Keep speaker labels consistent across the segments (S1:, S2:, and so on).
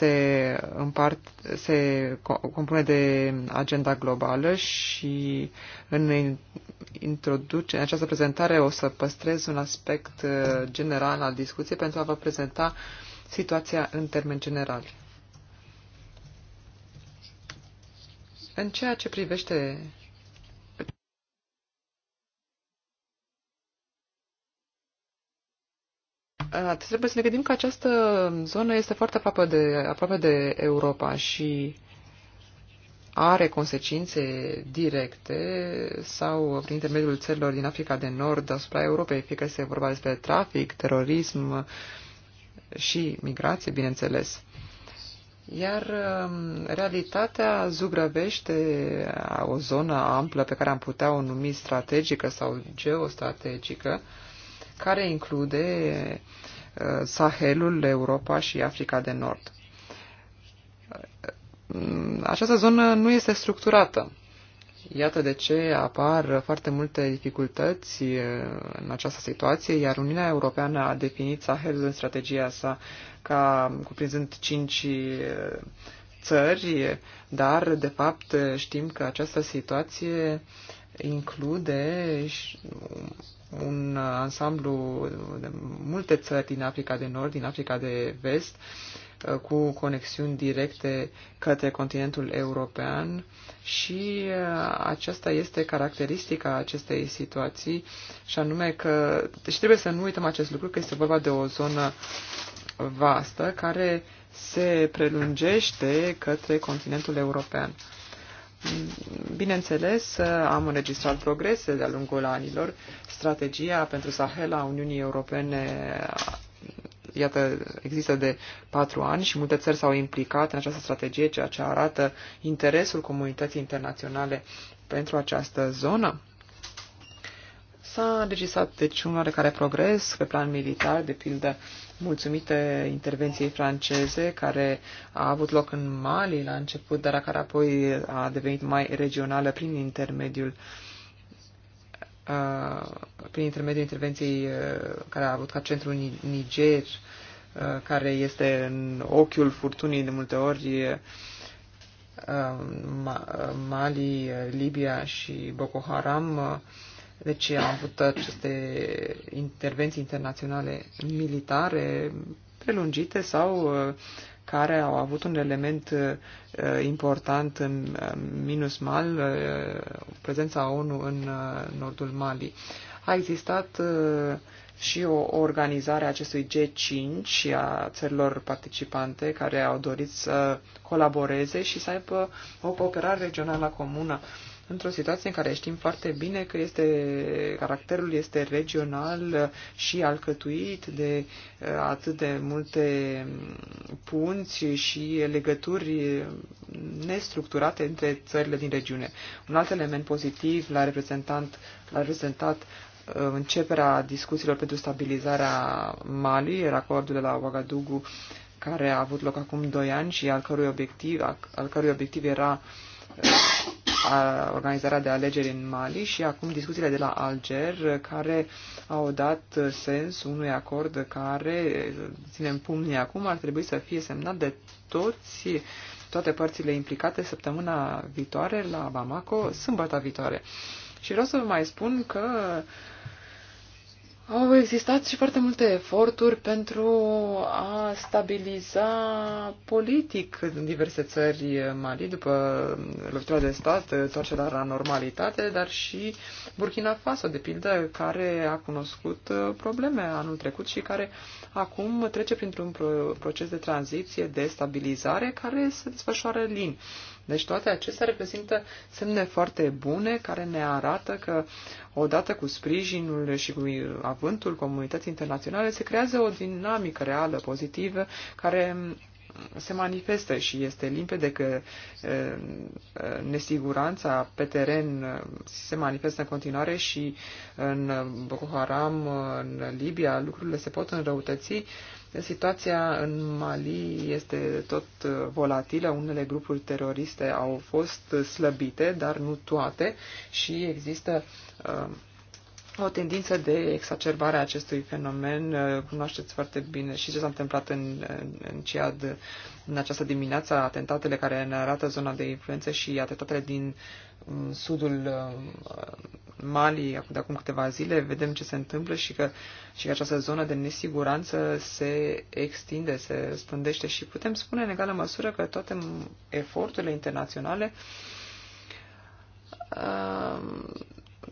S1: se, împart, se compune de agenda globală și în, introduce, în această prezentare o să păstrez un aspect uh, general al discuției pentru a vă prezenta situația în termen general. În ceea ce privește Trebuie păi să ne gândim că această zonă este foarte aproape de, aproape de Europa și are consecințe directe sau prin intermediul țărilor din Africa de Nord asupra Europei, fie că este vorba despre trafic, terorism și migrație, bineînțeles. Iar um, realitatea zugrăvește o zonă amplă pe care am putea o numi strategică sau geostrategică, care include uh, Sahelul, Europa și Africa de Nord. Uh, această zonă nu este structurată. Iată de ce apar foarte multe dificultăți uh, în această situație, iar Uniunea Europeană a definit Sahelul în strategia sa ca cuprinzând cinci țări, dar de fapt știm că această situație include un ansamblu de multe țări din Africa de Nord, din Africa de Vest, uh, cu conexiuni directe către continentul european și uh, aceasta este caracteristica acestei situații și anume că, și deci trebuie să nu uităm acest lucru, că este vorba de o zonă vastă care se prelungește către continentul european. Bineînțeles, am înregistrat progrese de-a lungul anilor. Strategia pentru Sahel a Uniunii Europene iată, există de patru ani și multe țări s-au implicat în această strategie, ceea ce arată interesul comunității internaționale pentru această zonă. S-a înregistrat deci un oarecare progres pe plan militar, de pildă mulțumită intervenției franceze care a avut loc în Mali la început, dar care apoi a devenit mai regională prin intermediul uh, prin intermediul intervenției uh, care a avut ca centru Niger, uh, care este în ochiul furtunii de multe ori Mali, Libia și Boko Haram deci am avut aceste intervenții internaționale militare prelungite sau uh, care au avut un element uh, important în uh, minus mal, prezența ONU în nordul Mali. A existat și o organizare a acestui G5 și a țărilor participante care au dorit să colaboreze și să aibă o cooperare regională comună într-o situație în care știm foarte bine că este, caracterul este regional și alcătuit de uh, atât de multe punți și legături nestructurate între țările din regiune. Un alt element pozitiv l-a reprezentat, l-a reprezentat uh, începerea discuțiilor pentru stabilizarea Mali, acordul de la Ouagadougou care a avut loc acum 2 ani și al cărui obiectiv, al cărui obiectiv era uh, a organizarea de alegeri în Mali și acum discuțiile de la Alger care au dat sens unui acord care, ținem pumnii acum, ar trebui să fie semnat de toți toate părțile implicate săptămâna viitoare la Bamako, sâmbătă viitoare. Și vreau să vă mai spun că uh, au existat și foarte multe eforturi pentru a stabiliza politic în diverse țări mari, după lovitura de stat, întoarcerea la normalitate, dar și Burkina Faso, de pildă, care a cunoscut probleme anul trecut și care acum trece printr-un proces de tranziție, de stabilizare, care se desfășoară lin. Deci toate acestea reprezintă semne foarte bune care ne arată că odată cu sprijinul și cu avântul comunității internaționale se creează o dinamică reală, pozitivă, care se manifestă și este limpede că nesiguranța pe teren se manifestă în continuare și în Boko Haram, în Libia, lucrurile se pot înrăutăți Situația în Mali este tot uh, volatilă. Unele grupuri teroriste au fost uh, slăbite, dar nu toate și există uh, o tendință de exacerbare a acestui fenomen. Uh, cunoașteți foarte bine și ce s-a întâmplat în, în CIAD în această dimineață, atentatele care ne arată zona de influență și atentatele din mm, sudul uh, Mali de acum câteva zile. Vedem ce se întâmplă și că, și că această zonă de nesiguranță se extinde, se răspândește și putem spune în egală măsură că toate eforturile internaționale uh,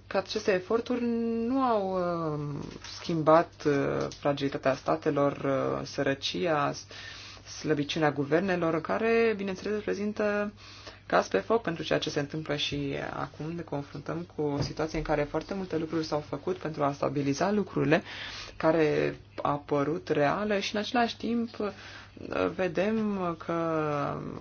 S1: că aceste eforturi nu au uh, schimbat uh, fragilitatea statelor, uh, sărăcia, slăbiciunea guvernelor, care, bineînțeles, reprezintă caz pe foc pentru ceea ce se întâmplă și acum ne confruntăm cu o situație în care foarte multe lucruri s-au făcut pentru a stabiliza lucrurile care a părut reale și în același timp vedem că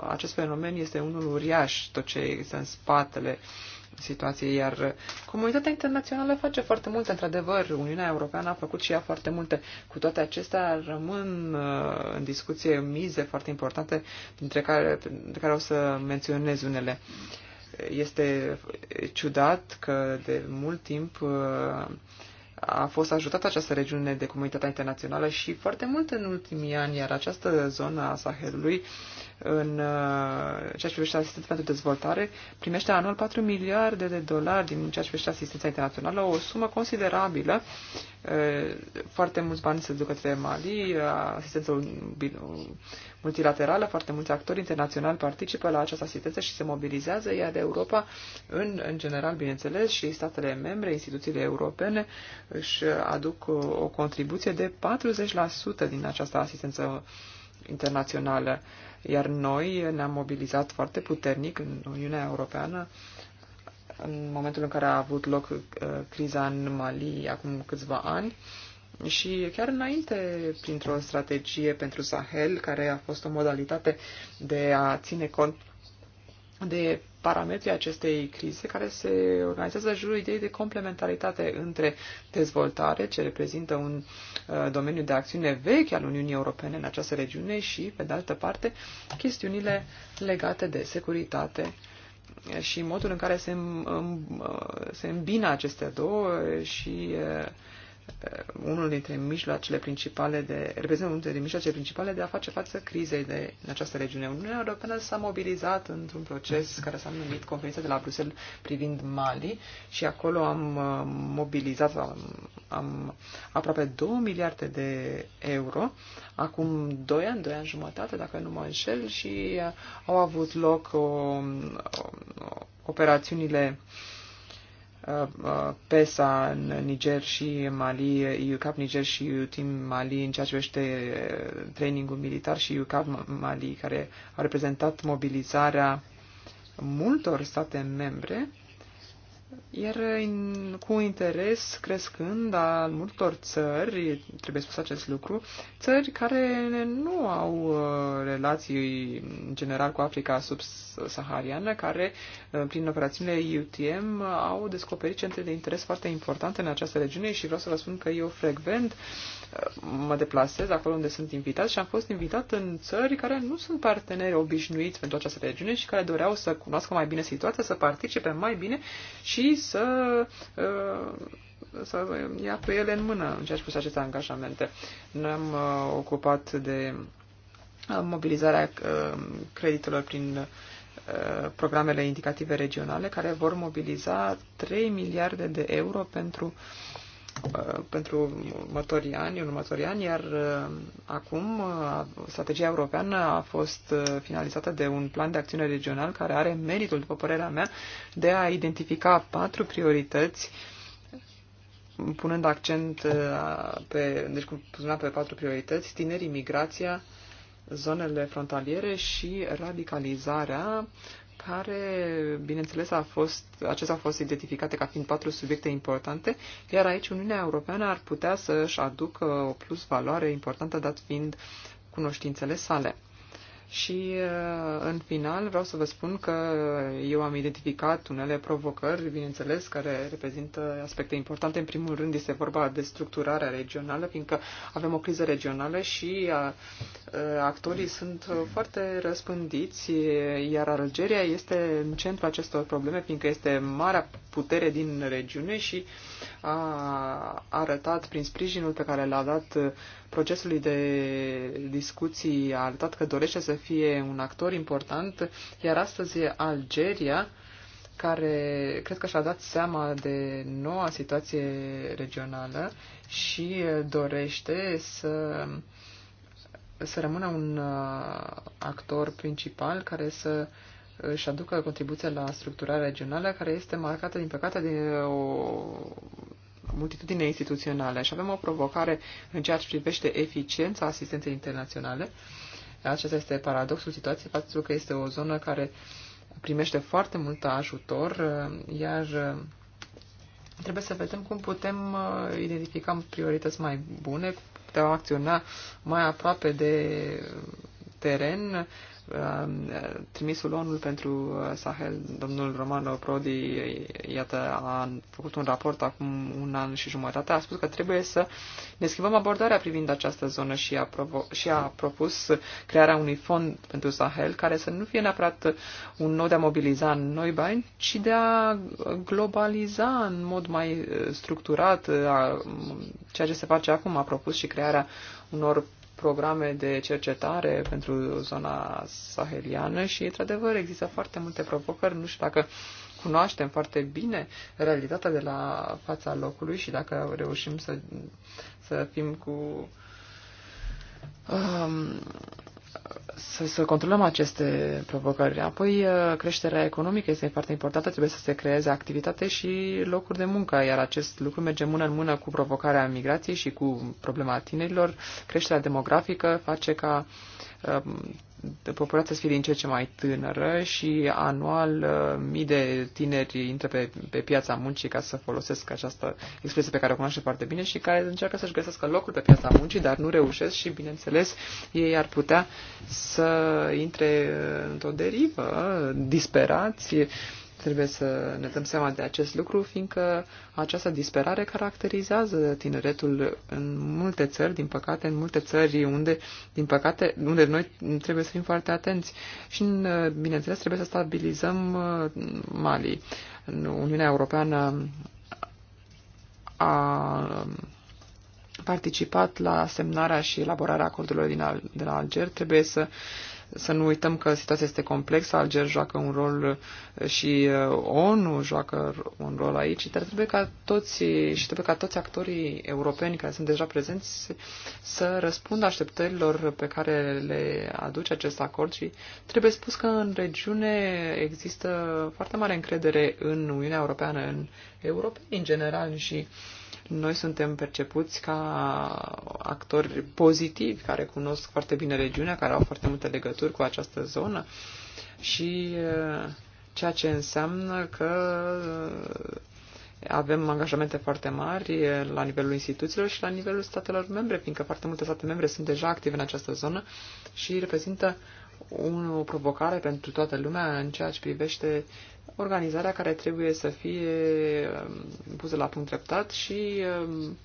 S1: acest fenomen este unul uriaș, tot ce este în spatele uh, situație, iar comunitatea internațională face foarte multe, într-adevăr, Uniunea Europeană a făcut și ea foarte multe. Cu toate acestea rămân uh, în discuție mize foarte importante, dintre care, dintre care o să menționez unele. Este ciudat că de mult timp uh, a fost ajutată această regiune de comunitatea internațională și foarte mult în ultimii ani, iar această zonă a Sahelului uh, în uh, ceea ce privește asistența pentru dezvoltare, primește anual 4 miliarde de dolari din ceea ce privește asistența internațională, o sumă considerabilă. Uh, foarte mulți bani se duc către Mali, asistență multilaterală, foarte mulți actori internaționali participă la această asistență și se mobilizează, iar Europa, în, în general, bineînțeles, și statele membre, instituțiile europene, își aduc o, o contribuție de 40% din această asistență internațională. Iar noi ne-am mobilizat foarte puternic în Uniunea Europeană în momentul în care a avut loc uh, criza în Mali acum câțiva ani și chiar înainte printr-o strategie pentru Sahel, care a fost o modalitate de a ține cont de parametrii acestei crize care se organizează jurul ideii de complementaritate între dezvoltare, ce reprezintă un uh, domeniu de acțiune vechi al Uniunii Europene în această regiune și, pe de altă parte, chestiunile legate de securitate și modul în care se, uh, se îmbină aceste două și uh, Uh, unul dintre mijloacele principale de, reprezintă unul dintre mijloacele principale de a face față crizei de, în această regiune. Uniunea Europeană s-a mobilizat într-un proces care s-a numit conferința de la Bruxelles privind Mali și acolo am uh, mobilizat am, am aproape 2 miliarde de euro acum 2 ani, 2 ani jumătate, dacă nu mă înșel, și uh, au avut loc o, um, o, um, operațiunile uh, Uh, uh, PESA în Niger și Mali, UCAP Niger și UTIM Mali în ceea ce privește uh, trainingul militar și UCAP Mali, care au reprezentat mobilizarea multor state membre iar cu interes crescând al multor țări, trebuie spus acest lucru, țări care nu au uh, relații în general cu Africa subsahariană, care uh, prin operațiunile UTM au descoperit centre de interes foarte importante în această regiune și vreau să vă spun că eu frecvent uh, mă deplasez acolo unde sunt invitat și am fost invitat în țări care nu sunt parteneri obișnuiți pentru această regiune și care doreau să cunoască mai bine situația, să participe mai bine și să, uh, să ia pe ele în mână în ceea ce puse aceste angajamente. Noi am uh, ocupat de uh, mobilizarea creditelor prin programele indicative regionale care vor mobiliza 3 miliarde de euro pentru uh, Uh, pentru următorii ani, în următorii ani, iar uh, acum uh, strategia europeană a fost finalizată de un plan de acțiune regional care are meritul, după părerea mea, de a identifica patru priorități punând accent pe, deci punând pe patru priorități, tinerii, migrația, zonele frontaliere și radicalizarea care, bineînțeles, a fost, acestea au fost identificate ca fiind patru subiecte importante, iar aici Uniunea Europeană ar putea să-și aducă o plus valoare importantă, dat fiind cunoștințele sale. Și uh, în final vreau să vă spun că eu am identificat unele provocări, bineînțeles, care reprezintă aspecte importante. În primul rând este vorba de structurarea regională, fiindcă avem o criză regională și uh, uh, actorii sunt foarte răspândiți, iar Algeria este în centru acestor probleme, fiindcă este marea putere din regiune și a arătat prin sprijinul pe care l-a dat procesului de discuții a arătat că dorește să fie un actor important, iar astăzi Algeria, care cred că și-a dat seama de noua situație regională și dorește să, să rămână un uh, actor principal care să își aducă contribuția la structura regională, care este marcată, din păcate, de o multitudine instituționale și avem o provocare în ceea ce privește eficiența asistenței internaționale. Acesta este paradoxul situației, faptul că este o zonă care primește foarte mult ajutor, iar uh, trebuie să vedem cum putem uh, identifica priorități mai bune, putem acționa mai aproape de teren, uh, trimisul ONU pentru uh, Sahel, domnul Romano Prodi, iată, a făcut un raport acum un an și jumătate, a spus că trebuie să ne schimbăm abordarea privind această zonă și a, provo- și a propus crearea unui fond pentru Sahel care să nu fie neapărat un nou de a mobiliza noi bani, ci de a globaliza în mod mai uh, structurat ceea ce se face acum. A propus și crearea unor programe de cercetare pentru zona saheliană și, într-adevăr, există foarte multe provocări. Nu știu dacă cunoaștem foarte bine realitatea de la fața locului și dacă reușim să, să fim cu um, să, să controlăm aceste provocări. Apoi, uh, creșterea economică este foarte importantă, trebuie să se creeze activitate și locuri de muncă, iar acest lucru merge mână în mână cu provocarea migrației și cu problema tinerilor. Creșterea demografică face ca um, populația să fie din ce ce mai tânără și anual uh, mii de tineri intră pe, pe piața muncii ca să folosesc această expresie pe care o cunoaște foarte bine și care încearcă să-și găsească locul pe piața muncii, dar nu reușesc și, bineînțeles, ei ar putea să intre uh, într-o derivă, disperați, Trebuie să ne dăm seama de acest lucru, fiindcă această disperare caracterizează tineretul în multe țări, din păcate, în multe țări unde, din păcate, unde noi trebuie să fim foarte atenți. Și, bineînțeles, trebuie să stabilizăm uh, Mali. Uniunea Europeană a um, participat la semnarea și elaborarea acordurilor din, de la Alger. Trebuie să să nu uităm că situația este complexă, Alger joacă un rol uh, și uh, ONU joacă un rol aici, dar trebuie ca toți, și trebuie ca toți actorii europeni care sunt deja prezenți să răspundă așteptărilor pe care le aduce acest acord și trebuie spus că în regiune există foarte mare încredere în Uniunea Europeană, în Europa în general și uh, noi suntem percepuți ca actori pozitivi care cunosc foarte bine regiunea, care au foarte multe legături cu această zonă și ceea ce înseamnă că avem angajamente foarte mari la nivelul instituțiilor și la nivelul statelor membre, fiindcă foarte multe state membre sunt deja active în această zonă și reprezintă o provocare pentru toată lumea în ceea ce privește organizarea care trebuie să fie um, pusă la punct treptat și um,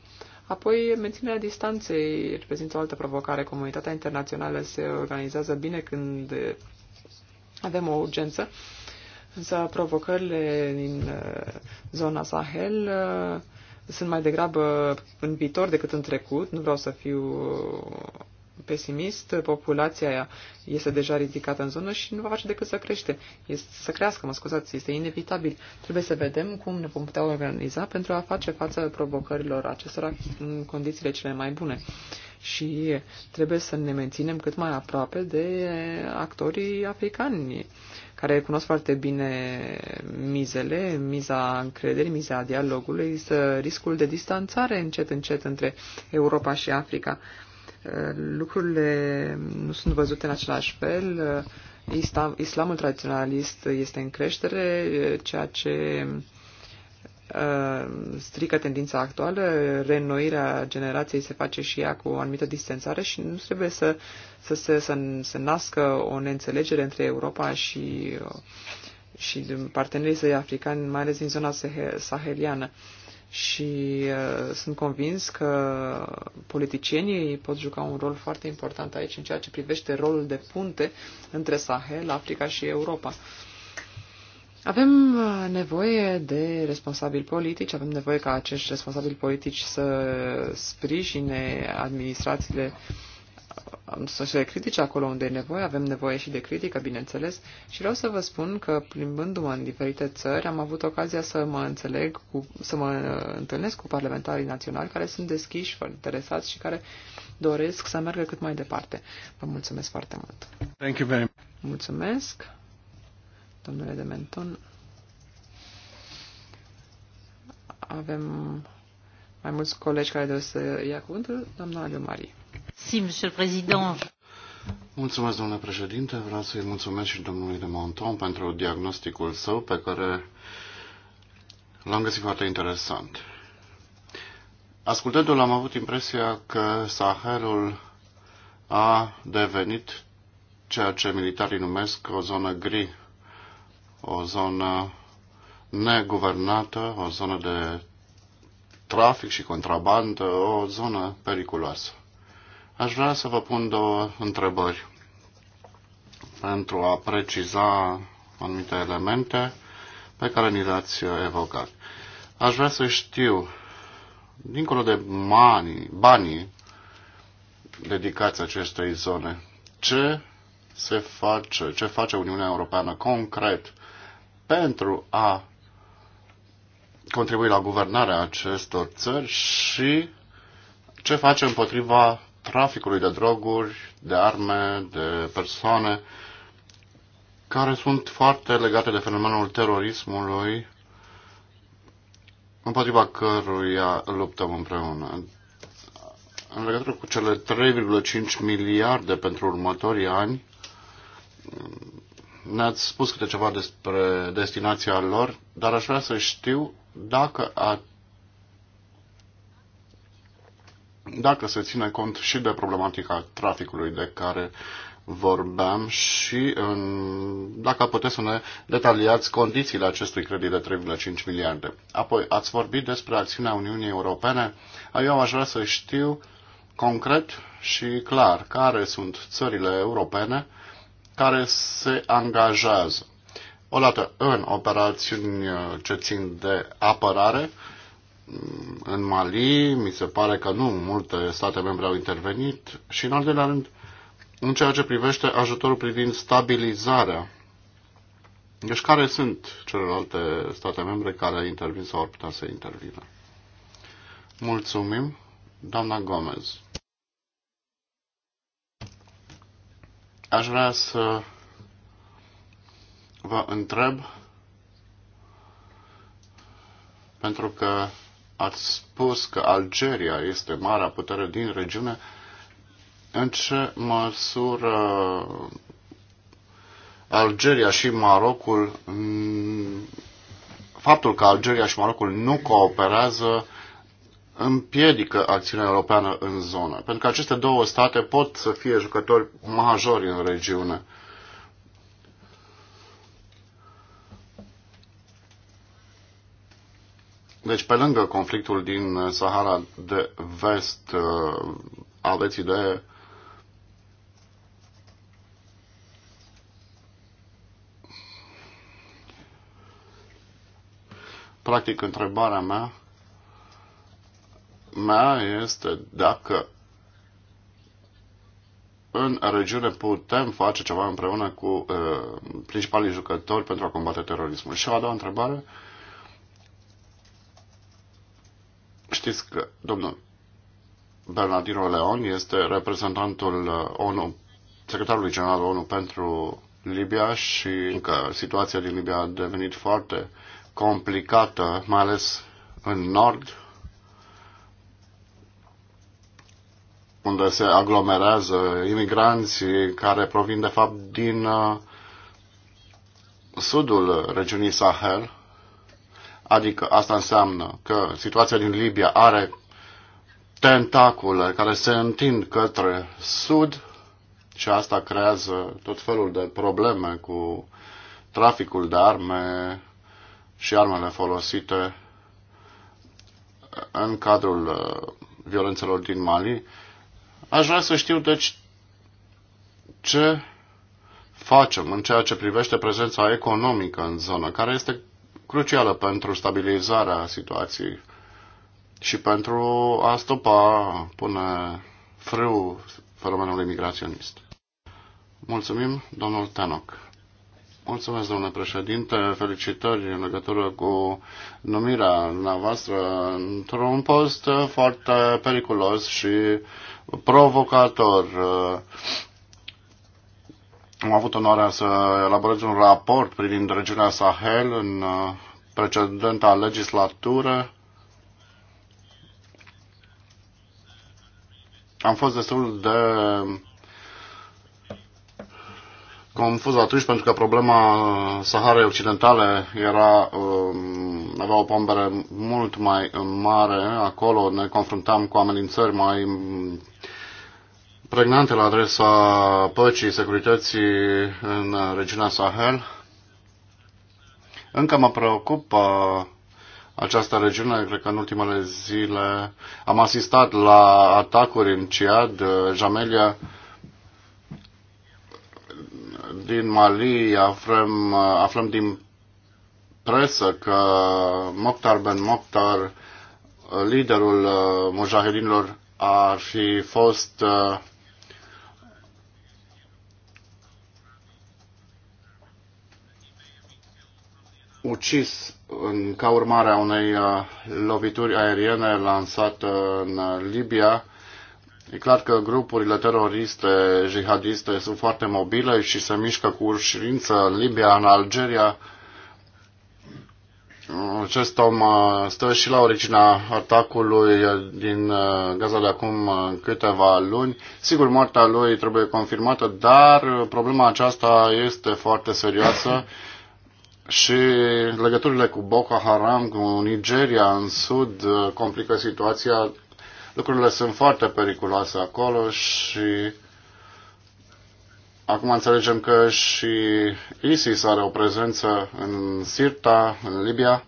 S1: apoi menținerea distanței reprezintă o altă provocare. Comunitatea internațională se organizează bine când avem o urgență, însă provocările din uh, zona Sahel uh, sunt mai degrabă în viitor decât în trecut. Nu vreau să fiu pesimist, populația aia este deja ridicată în zonă și nu va face decât să crește, este, să crească, mă scuzați, este inevitabil. Trebuie să vedem cum ne vom putea organiza pentru a face față provocărilor acestora în condițiile cele mai bune. Și trebuie să ne menținem cât mai aproape de actorii africani care cunosc foarte bine mizele, miza încrederii, miza dialogului, riscul de distanțare încet încet între Europa și Africa lucrurile nu sunt văzute în același fel. islamul tradiționalist este în creștere, ceea ce uh, strică tendința actuală, reînnoirea generației se face și ea cu o anumită distanțare și nu trebuie să, să, se, să, să nască o neînțelegere între Europa și, uh, și partenerii săi africani, mai ales din zona saheliană. Uh, și uh, sunt convins că politicienii pot juca un rol foarte important aici în ceea ce privește rolul de punte între Sahel, Africa și Europa. Avem uh, nevoie de responsabili politici, avem nevoie ca acești responsabili politici să sprijine administrațiile uh, să se critice acolo unde e nevoie, avem nevoie și de critică, bineînțeles, și vreau să vă spun că plimbându-mă în diferite țări am avut ocazia să mă înțeleg, cu, să mă întâlnesc cu parlamentarii naționali care sunt deschiși, foarte interesați și care doresc să meargă cât mai departe. Vă mulțumesc foarte mult! Thank you very much. Mulțumesc, domnule de Menton. Avem mai mulți colegi care doresc să ia cuvântul, doamna Aliu Marie.
S2: Mulțumesc, domnule președinte. Vreau să-i mulțumesc și domnului de Monton pentru diagnosticul său pe care l-am găsit foarte interesant. Ascultându-l am avut impresia că Sahelul a devenit ceea ce militarii numesc o zonă gri, o zonă neguvernată, o zonă de trafic și contrabandă, o zonă periculoasă. Aș vrea să vă pun două întrebări pentru a preciza anumite elemente pe care ni le-ați evocat. Aș vrea să știu, dincolo de banii, banii dedicați acestei zone, ce se face, ce face Uniunea Europeană concret pentru a contribui la guvernarea acestor țări și ce face împotriva traficului de droguri, de arme, de persoane, care sunt foarte legate de fenomenul terorismului, împotriva căruia luptăm împreună. În legătură cu cele 3,5 miliarde pentru următorii ani, ne-ați spus câte ceva despre destinația lor, dar aș vrea să știu dacă dacă se ține cont și de problematica traficului de care vorbeam și în, dacă puteți să ne detaliați condițiile acestui credit de 3,5 miliarde. Apoi, ați vorbit despre acțiunea Uniunii Europene. Eu aș vrea să știu concret și clar care sunt țările europene care se angajează. Odată în operațiuni ce țin de apărare în Mali, mi se pare că nu multe state membre au intervenit și, în al doilea rând, în ceea ce privește ajutorul privind stabilizarea. Deci care sunt celelalte state membre care intervin sau ar putea să intervină? Mulțumim, doamna Gomez. Aș vrea să vă întreb pentru că ați spus că Algeria este marea putere din regiune, în ce măsură Algeria și Marocul, mm, faptul că Algeria și Marocul nu cooperează împiedică acțiunea europeană în zonă, pentru că aceste două state pot să fie jucători majori în regiune. Deci, pe lângă conflictul din Sahara de vest, uh, aveți idee Practic, întrebarea mea, mea este dacă în regiune putem face ceva împreună cu uh, principalii jucători pentru a combate terorismul. Și o a doua întrebare, uh, știți că domnul Bernardino Leon este reprezentantul uh, ONU, secretarului general ONU pentru Libia și încă situația din Libia a devenit foarte complicată, mai ales în nord, unde se aglomerează imigranții care provin de fapt din uh, sudul regiunii Sahel, Adică asta înseamnă că situația din Libia are tentacule care se întind către sud și asta creează tot felul de probleme cu traficul de arme și armele folosite în cadrul uh, violențelor din Mali. Aș vrea să știu, deci, ce facem în ceea ce privește prezența economică în zonă, care este crucială pentru stabilizarea situației și pentru a stopa până frâu fenomenului migraționist. Mulțumim, domnul Tanoc. Mulțumesc, domnule președinte. Felicitări în legătură cu numirea dumneavoastră într-un post foarte periculos și provocator. Am avut onoarea să elaborez un raport privind regiunea Sahel în uh, precedenta legislatură. Am fost destul de confuz atunci pentru că problema Saharei Occidentale era, um, avea o pombere mult mai mare. Acolo ne confruntam cu amenințări mai pregnante la adresa păcii, securității în regiunea Sahel. Încă mă preocupă această regiune, cred că în ultimele zile am asistat la atacuri în Ciad, Jamelia, din Mali, aflăm, aflăm din presă că Mokhtar Ben Mokhtar, liderul eh, mujahedinilor, ar fi fost eh, ucis în, ca urmare a unei uh, lovituri aeriene lansate în uh, Libia. E clar că grupurile teroriste, jihadiste sunt foarte mobile și se mișcă cu ușurință în Libia, în Algeria. Acest om uh, stă și la originea atacului din Gaza de acum câteva luni. Sigur, moartea lui trebuie confirmată, dar problema aceasta este foarte serioasă și legăturile cu Boko Haram, cu Nigeria în sud, uh, complică situația. Lucrurile sunt foarte periculoase acolo și acum înțelegem că și ISIS are o prezență în Sirta, în Libia.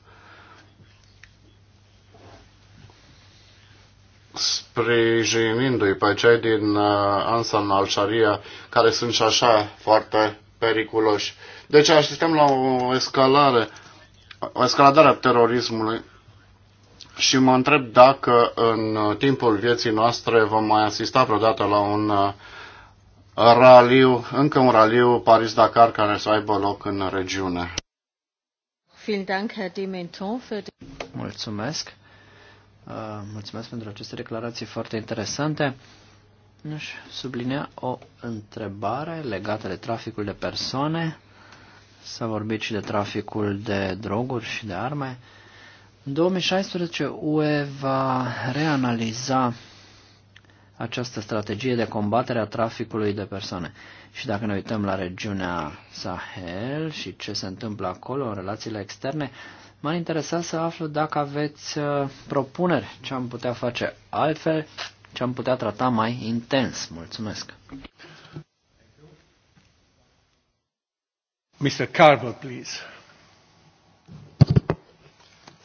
S2: sprijinindu-i pe cei din uh, Ansan al Sharia, care sunt și așa foarte periculoși. Deci asistăm la o escalare, o escaladare a terorismului și mă întreb dacă în timpul vieții noastre vom mai asista vreodată la un uh, raliu, încă un raliu Paris-Dakar care să aibă loc în regiune.
S3: Mulțumesc. Uh, mulțumesc pentru aceste declarații foarte interesante. Nu-și sublinea o întrebare legată de traficul de persoane. S-a vorbit și de traficul de droguri și de arme. În 2016 UE va reanaliza această strategie de combatere a traficului de persoane. Și dacă ne uităm la regiunea Sahel și ce se întâmplă acolo în relațiile externe, m-ar interesa să aflu dacă aveți uh, propuneri ce am putea face altfel ce am putea trata mai intens. Mulțumesc.
S2: Mr. Carver, please.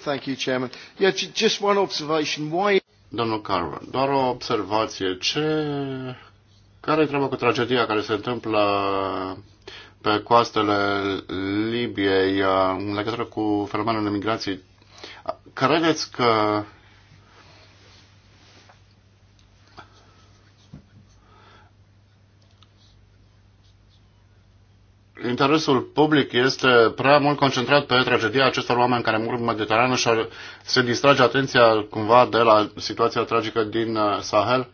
S2: Thank you, Chairman. Yeah, just one observation. Why... Domnul Carver, doar o observație. Ce... Care e treaba cu tragedia care se întâmplă pe coastele Libiei uh, în legătură cu fenomenul emigrației? Credeți că interesul public este prea mult concentrat pe tragedia acestor oameni care mor în Mediterană și se distrage atenția cumva de la situația tragică din uh, Sahel?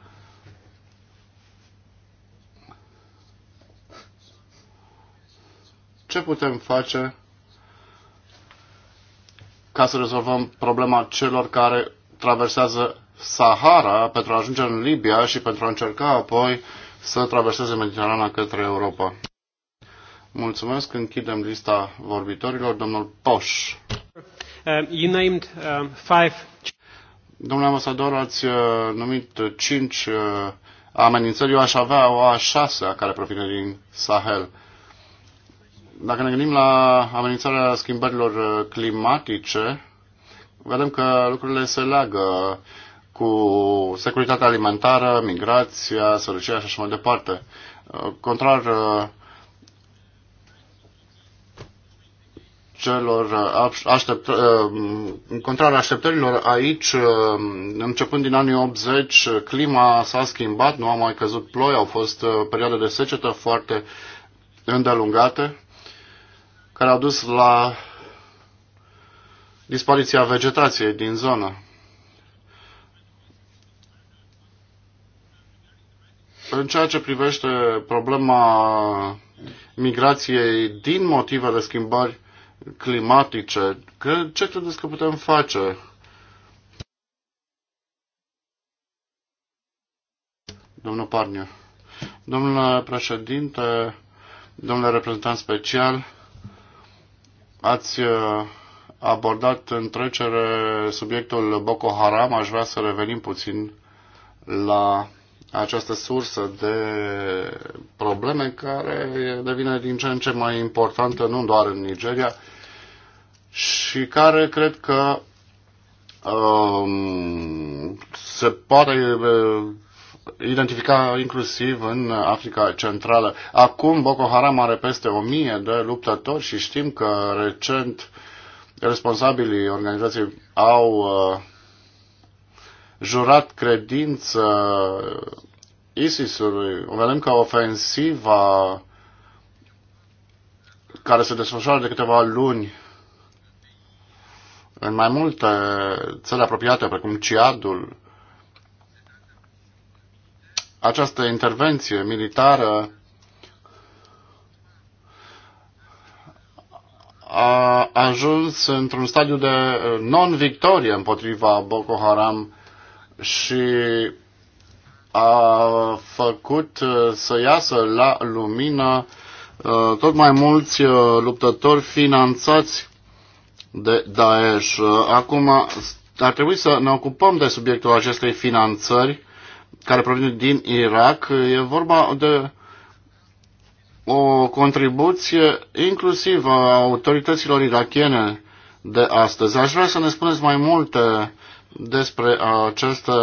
S2: Ce putem face ca să rezolvăm problema celor care traversează Sahara pentru a ajunge în Libia și pentru a încerca apoi să traverseze Mediterana către Europa? Mulțumesc. Închidem lista vorbitorilor. Domnul Poș. Uh, you named uh, five... Domnule ambasador, ați uh, numit cinci uh, amenințări. Eu aș avea o a șasea care provine din Sahel. Dacă ne gândim la amenințarea schimbărilor uh, climatice, vedem că lucrurile se leagă cu securitatea alimentară, migrația, sărăcia și așa mai departe. Uh, contrar uh, celor aștept, uh, în contrarea așteptărilor aici, uh, începând din anii 80, clima s-a schimbat, nu a mai căzut ploi, au fost uh, perioade de secetă foarte îndelungate, care au dus la dispariția vegetației din zonă. În ceea ce privește problema migrației din motivele schimbări climatice. Că, ce credeți că putem face? Domnul Parniu. Domnule președinte, domnule reprezentant special, ați uh, abordat în trecere subiectul Boko Haram. Aș vrea să revenim puțin la această sursă de probleme care devine din ce în ce mai importantă, nu doar în Nigeria, și care cred că um, se poate uh, identifica inclusiv în Africa Centrală. Acum Boko Haram are peste o mie de luptători și știm că recent responsabilii organizației au uh, jurat credință ISIS-ului. O vedem că ofensiva care se desfășoară de câteva luni în mai multe țări apropiate, precum Ciadul, această intervenție militară a ajuns într-un stadiu de non-victorie împotriva Boko Haram și a făcut uh, să iasă la lumină uh, tot mai mulți uh, luptători finanțați de Daesh. Acum ar trebui să ne ocupăm de subiectul acestei finanțări care provin din Irak. E vorba de o contribuție inclusiv a autorităților irakiene de astăzi. Aș vrea să ne spuneți mai multe despre această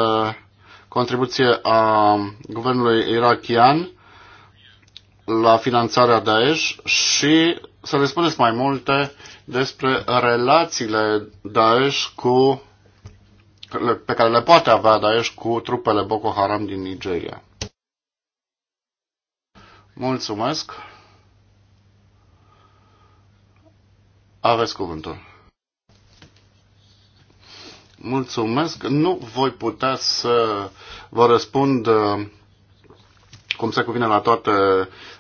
S2: contribuție a guvernului irachian la finanțarea Daesh și să le spuneți mai multe despre relațiile Daesh cu pe care le poate avea Daesh cu trupele Boko Haram din Nigeria. Mulțumesc. Aveți cuvântul. Mulțumesc. Nu voi putea să vă răspund uh, cum se cuvine la toate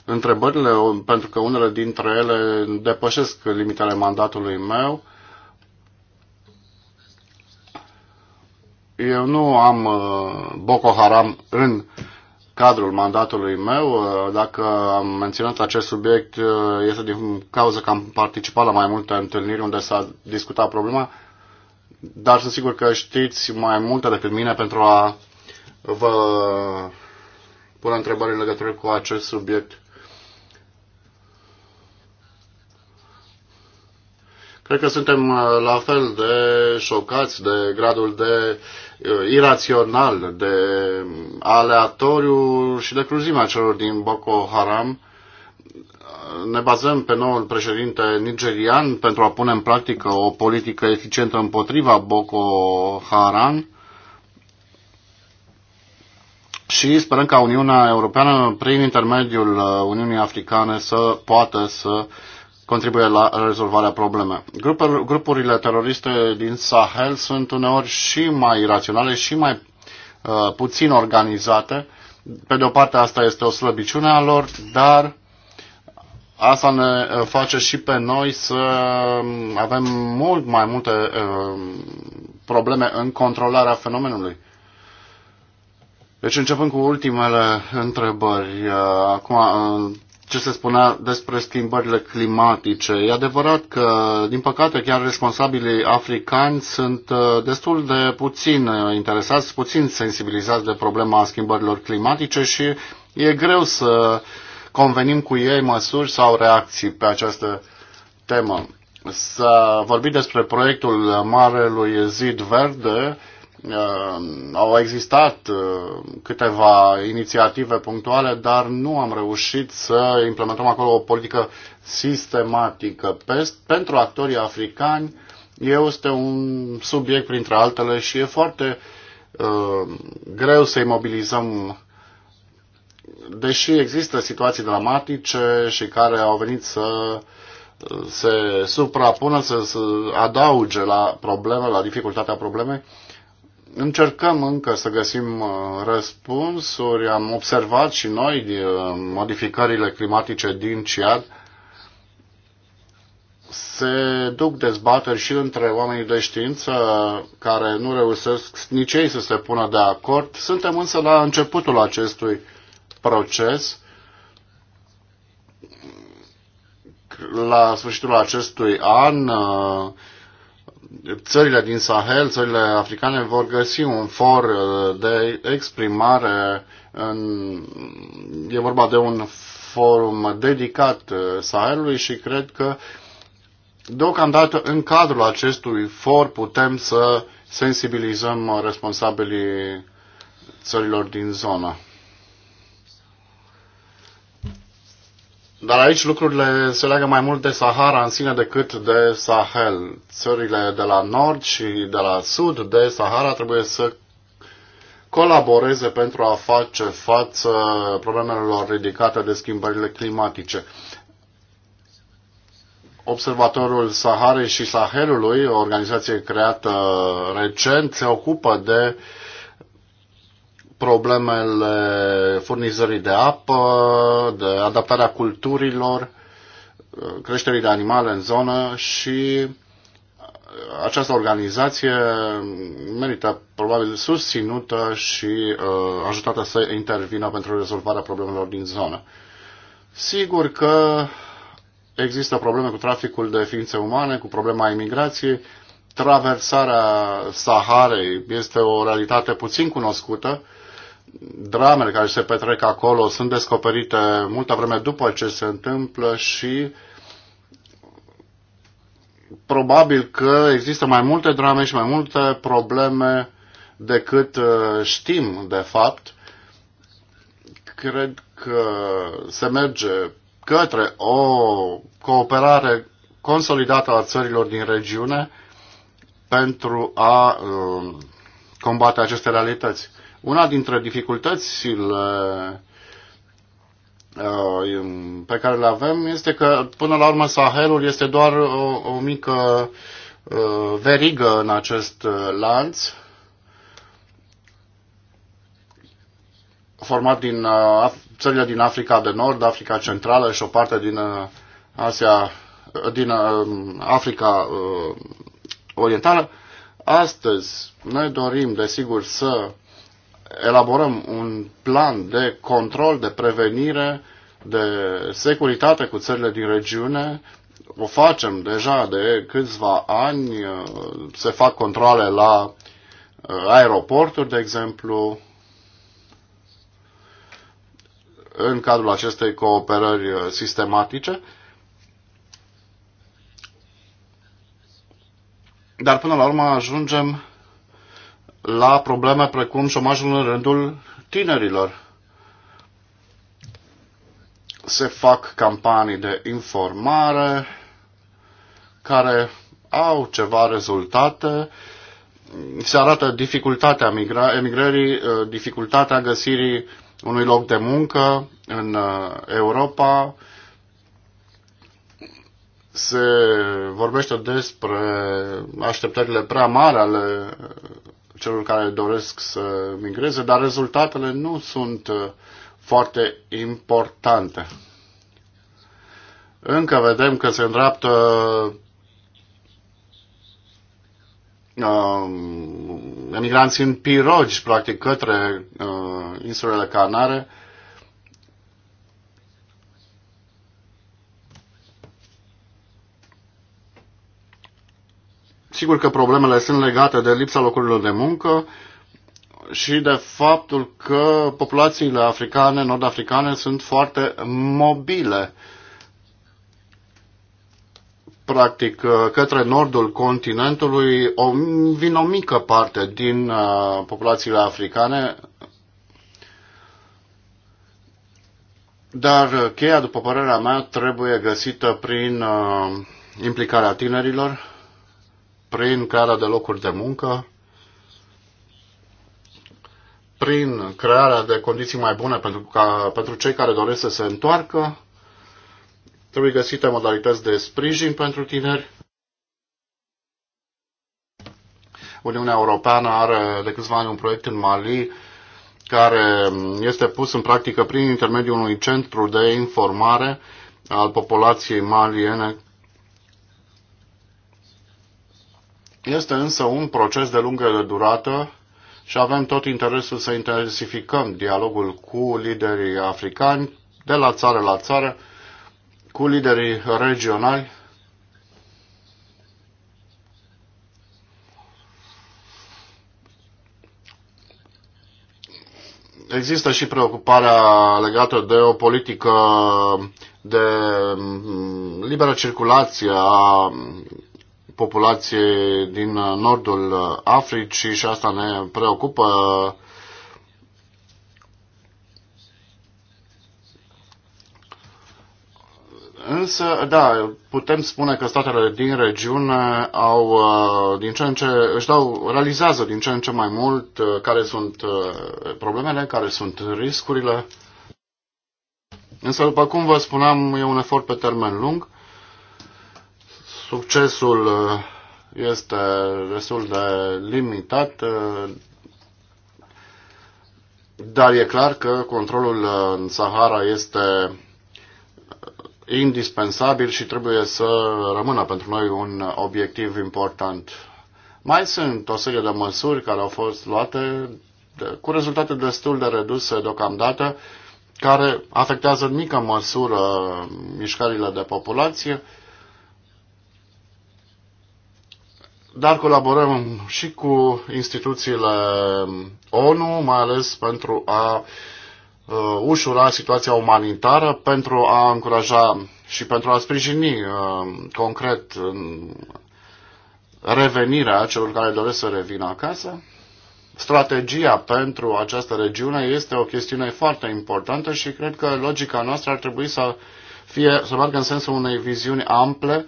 S2: întrebările, pentru că unele dintre ele depășesc limitele mandatului meu. Eu nu am uh, Boko Haram în cadrul mandatului meu. Uh, dacă am menționat acest subiect, este din cauza că am participat la mai multe întâlniri unde s-a discutat problema dar sunt sigur că știți mai multe decât mine pentru a vă pune întrebări în legătură cu acest subiect. Cred că suntem uh, la fel de șocați de gradul de uh, irațional, de uh, aleatoriu și de cruzimea celor din Boko Haram ne bazăm pe noul președinte nigerian pentru a pune în practică o politică eficientă împotriva Boko Haram și sperăm ca Uniunea Europeană, prin intermediul Uniunii Africane, să poată să contribuie la rezolvarea problemei. Grupurile teroriste din Sahel sunt uneori și mai iraționale și mai uh, puțin organizate. Pe de o parte asta este o slăbiciune a lor, dar Asta ne uh, face și pe noi să um, avem mult mai multe um, probleme în controlarea fenomenului. Deci începând cu ultimele întrebări, uh, acum uh, ce se spunea despre schimbările climatice. E adevărat că, din păcate, chiar responsabilii africani sunt destul de puțin interesați, puțin sensibilizați de problema schimbărilor climatice și e greu să uh, convenim cu ei măsuri sau reacții pe această temă. Să vorbim despre proiectul Marelui Zid Verde. Uh, au existat uh, câteva inițiative punctuale, dar nu am reușit să implementăm acolo o politică sistematică. Pentru actorii africani este un subiect printre altele și e foarte uh, greu să-i mobilizăm deși există situații dramatice și care au venit să uh, se suprapună, să să adauge la probleme, la dificultatea problemei, încercăm încă să găsim uh, răspunsuri. Am observat și noi uh, modificările climatice din CIAD. Se duc dezbateri și între oamenii de știință care nu reușesc nici ei să se pună de acord. Suntem însă la începutul acestui proces la sfârșitul acestui an uh, țările din Sahel, țările africane vor găsi un for uh, de exprimare. În, e vorba de un forum dedicat uh, Sahelului și cred că deocamdată în cadrul acestui for putem să sensibilizăm responsabilii țărilor din zonă. Dar aici lucrurile se leagă mai mult de Sahara în sine decât de Sahel. Țările de la nord și de la sud de Sahara trebuie să colaboreze pentru a face față problemelor ridicate de schimbările climatice. Observatorul Saharei și Sahelului, o organizație creată recent, se ocupă de uh, problemele furnizării de apă, de adaptarea culturilor, creșterii de animale în zonă și această organizație merită probabil susținută și uh, ajutată să intervină pentru rezolvarea problemelor din zonă. Sigur că există probleme cu traficul de ființe umane, cu problema imigrației. Traversarea Saharei este o realitate puțin cunoscută uh, dramele care se petrec acolo sunt descoperite multă vreme după ce se întâmplă și probabil că există mai multe drame și mai multe probleme decât uh, știm de fapt. Cred că se merge către o cooperare consolidată a țărilor din regiune pentru a uh, combate aceste realități. Una dintre dificultățile uh, pe care le avem este că până la urmă Sahelul este doar o, o mică uh, verigă în acest uh, lanț format din țările din Africa de Nord, Africa Centrală și o parte din Asia, din Africa Orientală. Astăzi ne dorim, desigur, să elaborăm un plan de control, de prevenire, de securitate cu țările din regiune. O facem deja de câțiva ani. Se fac controle la uh, aeroporturi, de exemplu, în cadrul acestei cooperări uh, sistematice. Dar până la urmă ajungem la probleme precum șomajul în rândul tinerilor. Se fac campanii de informare care au ceva rezultate. Se arată dificultatea emigrării, uh, dificultatea găsirii unui loc de muncă în uh, Europa. Se vorbește despre așteptările prea mari ale celor care doresc să migreze, dar rezultatele nu sunt uh, foarte importante. Încă vedem că se îndreaptă um, emigranții emigranți în pirogi, practic, către uh, insulele Canare, uh, Sigur că problemele sunt legate de lipsa locurilor de muncă și de faptul că populațiile africane, nord-africane sunt foarte mobile practic către nordul continentului o, vin o mică parte din uh, populațiile africane, dar cheia, după părerea mea, trebuie găsită prin uh, implicarea tinerilor, prin crearea de locuri de muncă, prin crearea de condiții mai bune pentru, ca, pentru cei care doresc să se întoarcă, trebuie găsite modalități de sprijin pentru tineri. Uniunea Europeană are de câțiva ani un proiect în Mali care este pus în practică prin intermediul unui centru de informare al populației maliene Este însă un proces de lungă durată și avem tot interesul să intensificăm dialogul cu liderii africani de la țară la țară, cu liderii regionali există și preocuparea legată de o politică de mm, liberă circulație a populație din uh, nordul uh, Africii și asta ne preocupă. Însă, da, putem spune că statele din regiune au uh, din ce în ce, își dau, realizează din ce în ce mai mult care sunt problemele, care sunt riscurile. Însă, după cum vă spuneam, e un efort pe termen lung Succesul uh, este destul de limitat, uh, dar e clar că controlul uh, în Sahara este indispensabil și trebuie să rămână pentru noi un obiectiv important. Mai sunt o serie de măsuri care au fost luate cu rezultate destul de reduse deocamdată, care afectează în mică măsură mișcările de populație, dar colaborăm și cu instituțiile ONU, mai ales pentru a uh, ușura situația umanitară, pentru a încuraja și pentru a sprijini uh, concret revenirea celor care doresc să revină acasă. Strategia pentru această regiune este o chestiune foarte importantă și cred că logica noastră ar trebui să fie să meargă în sensul unei viziuni ample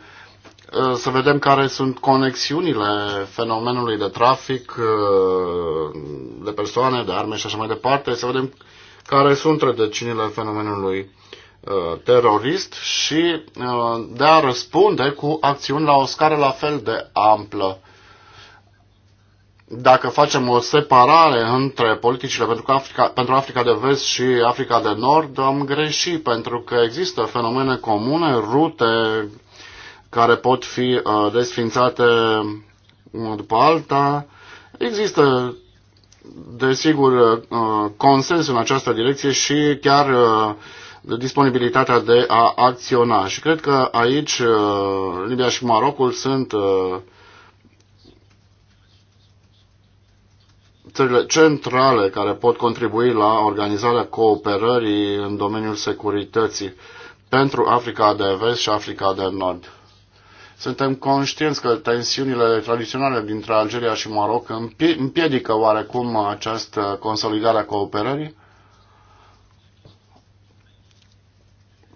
S2: Eh, să vedem care sunt conexiunile fenomenului de trafic, eh, de persoane, de arme și așa mai departe, să vedem care sunt rădăcinile fenomenului eh, terorist și de a răspunde cu acțiuni la o scară la fel de amplă. Dacă facem o separare între politicile pentru Africa, pentru Africa de Vest și Africa de Nord, am greșit, pentru că există fenomene comune, rute care pot fi uh, desfințate una după alta. Există, desigur, uh, consens în această direcție și chiar uh, disponibilitatea de a acționa. Și cred că aici Libia și Marocul sunt țările centrale care pot contribui la organizarea cooperării în domeniul securității pentru Africa de Vest și Africa de Nord. Suntem conștienți că tensiunile tradiționale dintre Algeria și Maroc împiedică oarecum această consolidare a cooperării.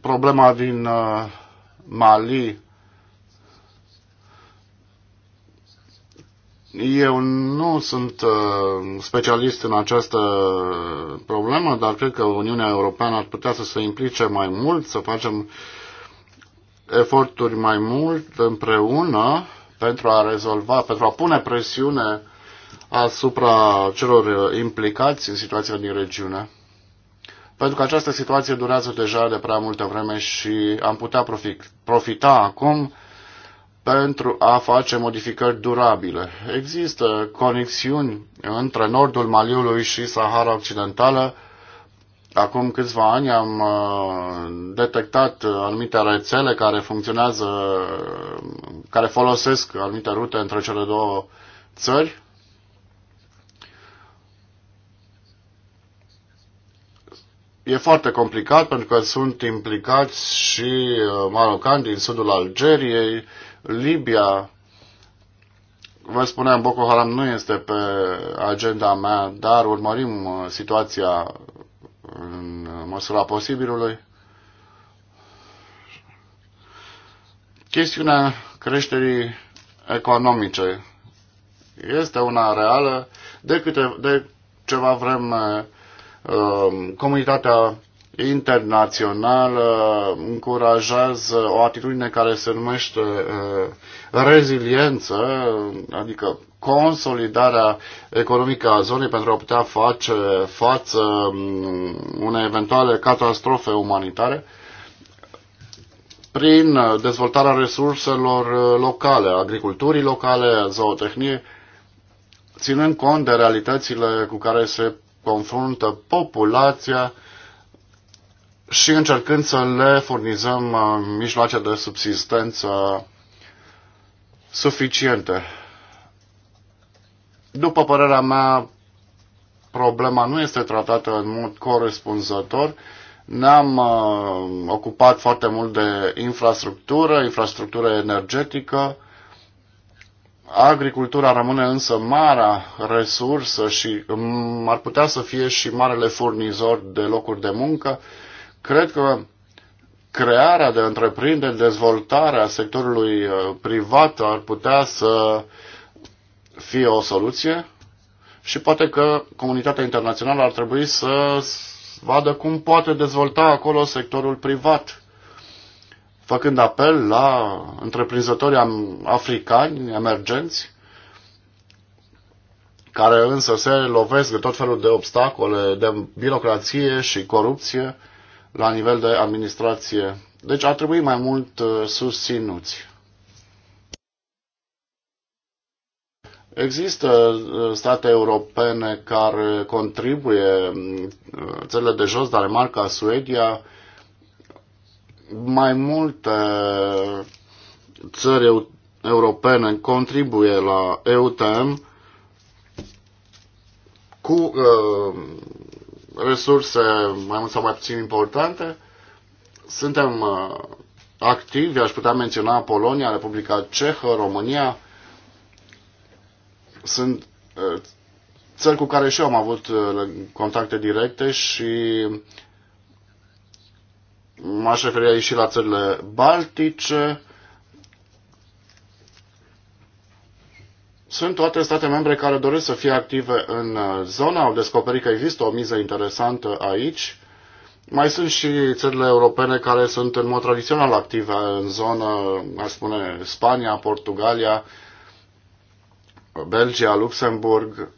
S2: Problema din uh, Mali Eu nu sunt uh, specialist în această problemă, dar cred că Uniunea Europeană ar putea să se implice mai mult, să facem eforturi mai mult împreună pentru a rezolva, pentru a pune presiune asupra celor implicați în situația din regiune. Pentru că această situație durează deja de prea multă vreme și am putea profita acum pentru a face modificări durabile. Există conexiuni între nordul Maliului și Sahara Occidentală. Acum câțiva ani am detectat uh, anumite rețele care funcționează, uh, care folosesc anumite rute între cele două țări. E foarte complicat pentru că sunt implicați și uh, marocani din sudul Algeriei, Libia. Vă spuneam, Boko Haram nu este pe agenda mea, dar urmărim situația în măsura posibilului. Chestiunea creșterii economice este una reală. De, câte, de ceva vreme um, comunitatea internațională încurajează o atitudine care se numește uh, reziliență, adică consolidarea economică a zonei pentru a putea face față um, unei eventuale catastrofe umanitare prin uh, dezvoltarea resurselor uh, locale, agriculturii locale, zootehnie, ținând cont de realitățile cu care se confruntă populația și încercând să le furnizăm uh, mijloace de subsistență suficiente. După părerea mea, problema nu este tratată în mod corespunzător ne-am uh, ocupat foarte mult de infrastructură, infrastructură energetică. Agricultura rămâne însă marea resursă și um, ar putea să fie și marele furnizor de locuri de muncă. Cred că crearea de întreprinderi, dezvoltarea sectorului uh, privat ar putea să fie o soluție și poate că comunitatea internațională ar trebui să vadă cum poate dezvolta acolo sectorul privat, făcând apel la întreprinzătorii africani emergenți, care însă se lovesc de tot felul de obstacole, de birocrație și corupție la nivel de administrație. Deci ar trebui mai mult uh, susținuți. Există uh, state europene care contribuie, uh, țările de jos, dar ca Suedia, mai multe țări europene contribuie la EUTM cu uh, resurse mai mult sau mai puțin importante. Suntem uh, activi, aș putea menționa Polonia, Republica Cehă, România, sunt ă, țări cu care și eu am avut ă, contacte directe și m-aș referi aici și la țările baltice. Sunt toate state membre care doresc să fie active în ă, zona, au descoperit că există o miză interesantă aici. Mai sunt și țările europene care sunt în mod tradițional active în zonă, aș spune Spania, Portugalia, Belgia, Luxemburg.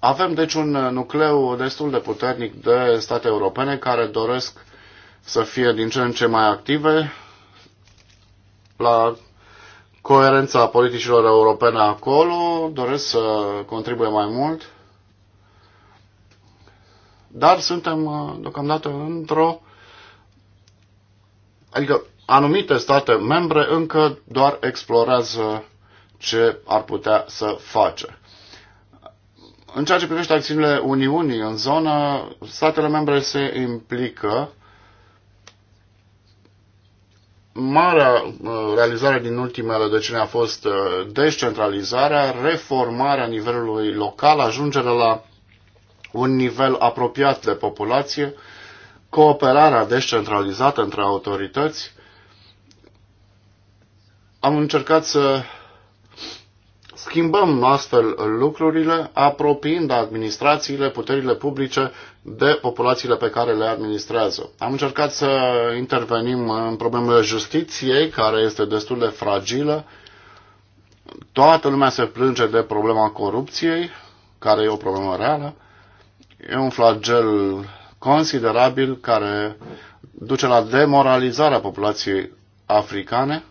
S2: Avem deci un nucleu destul de puternic de state europene care doresc să fie din ce în ce mai active la coerența politicilor europene acolo, doresc să contribuie mai mult, dar suntem uh, deocamdată într-o adică anumite state membre încă doar explorează ce ar putea să face. În ceea ce privește acțiunile Uniunii în zonă, statele membre se implică. Marea uh, realizare din ultimele decenii a fost uh, descentralizarea, reformarea nivelului local, ajungerea la un nivel apropiat de populație, cooperarea descentralizată între autorități. Am încercat să schimbăm astfel lucrurile, apropiind administrațiile, puterile publice de populațiile pe care le administrează. Am încercat să intervenim în problemele justiției, care este destul de fragilă. Toată lumea se plânge de problema corupției, care e o problemă reală. E un flagel considerabil care duce la demoralizarea populației africane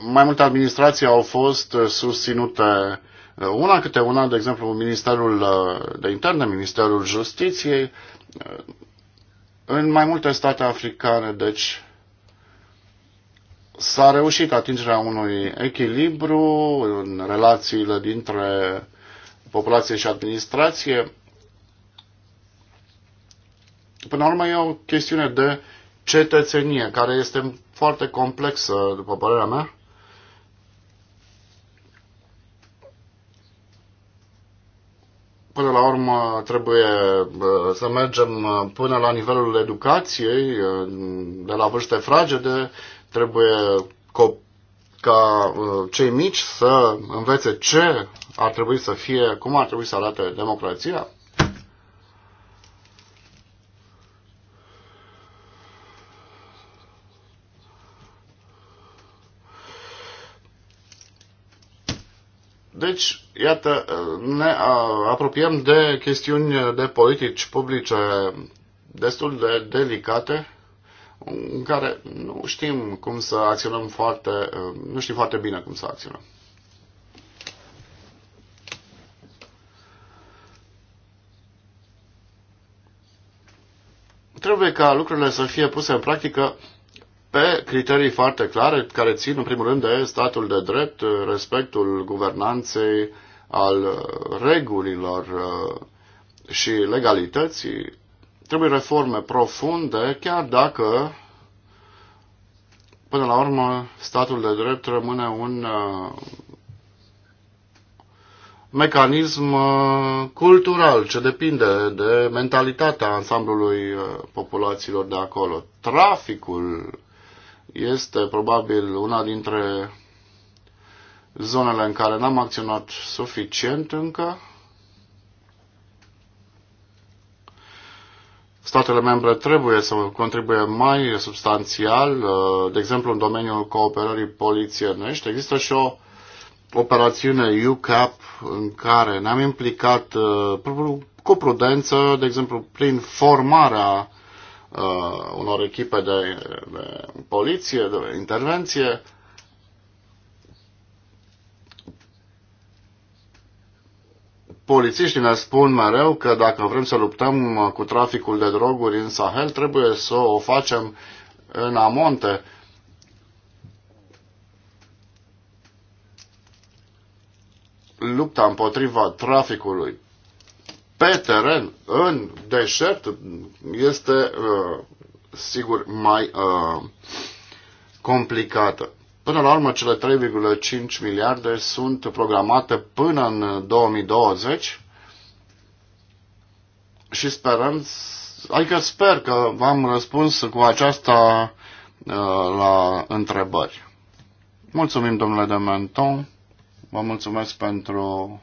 S2: mai multe administrații au fost uh, susținute uh, una câte una, de exemplu Ministerul uh, de Interne, Ministerul Justiției, în mai multe state africane, deci s-a reușit atingerea unui echilibru în relațiile dintre populație și administrație. Până la urmă e o chestiune de cetățenie care este foarte complexă, după părerea mea. până la urmă trebuie uh, să mergem uh, până la nivelul educației, uh, de la vârste fragede, trebuie ca cei mici să învețe ce ar trebui să fie, cum ar trebui să arate democrația, Deci, iată, ne apropiem de chestiuni de politici publice destul de delicate, în care nu știm cum să acționăm foarte, nu știm foarte bine cum să acționăm. Trebuie ca lucrurile să fie puse în practică pe criterii foarte clare care țin în primul rând de statul de drept, respectul guvernanței, al regulilor uh, și legalității. Trebuie reforme profunde, chiar dacă până la urmă statul de drept rămâne un uh, mecanism uh, cultural ce depinde de mentalitatea ansamblului populațiilor de acolo. Traficul este probabil una dintre zonele în care n-am acționat suficient încă. Statele membre trebuie să contribuie mai substanțial, uh, de exemplu în domeniul cooperării polițienești. Există și o operațiune UCAP în care ne-am implicat uh, cu prudență, de exemplu prin formarea uh, unor echipe de, de poliție, de intervenție. Polițiștii ne spun mereu că dacă vrem să luptăm cu traficul de droguri în Sahel, trebuie să o facem în amonte. Lupta împotriva traficului pe teren, în deșert, este uh, sigur mai uh, complicată. Până la urmă, cele 3,5 miliarde sunt programate până în 2020 uh, și sperăm, adică sper că v-am răspuns cu aceasta la întrebări. Mulțumim, domnule de Menton, vă mulțumesc pentru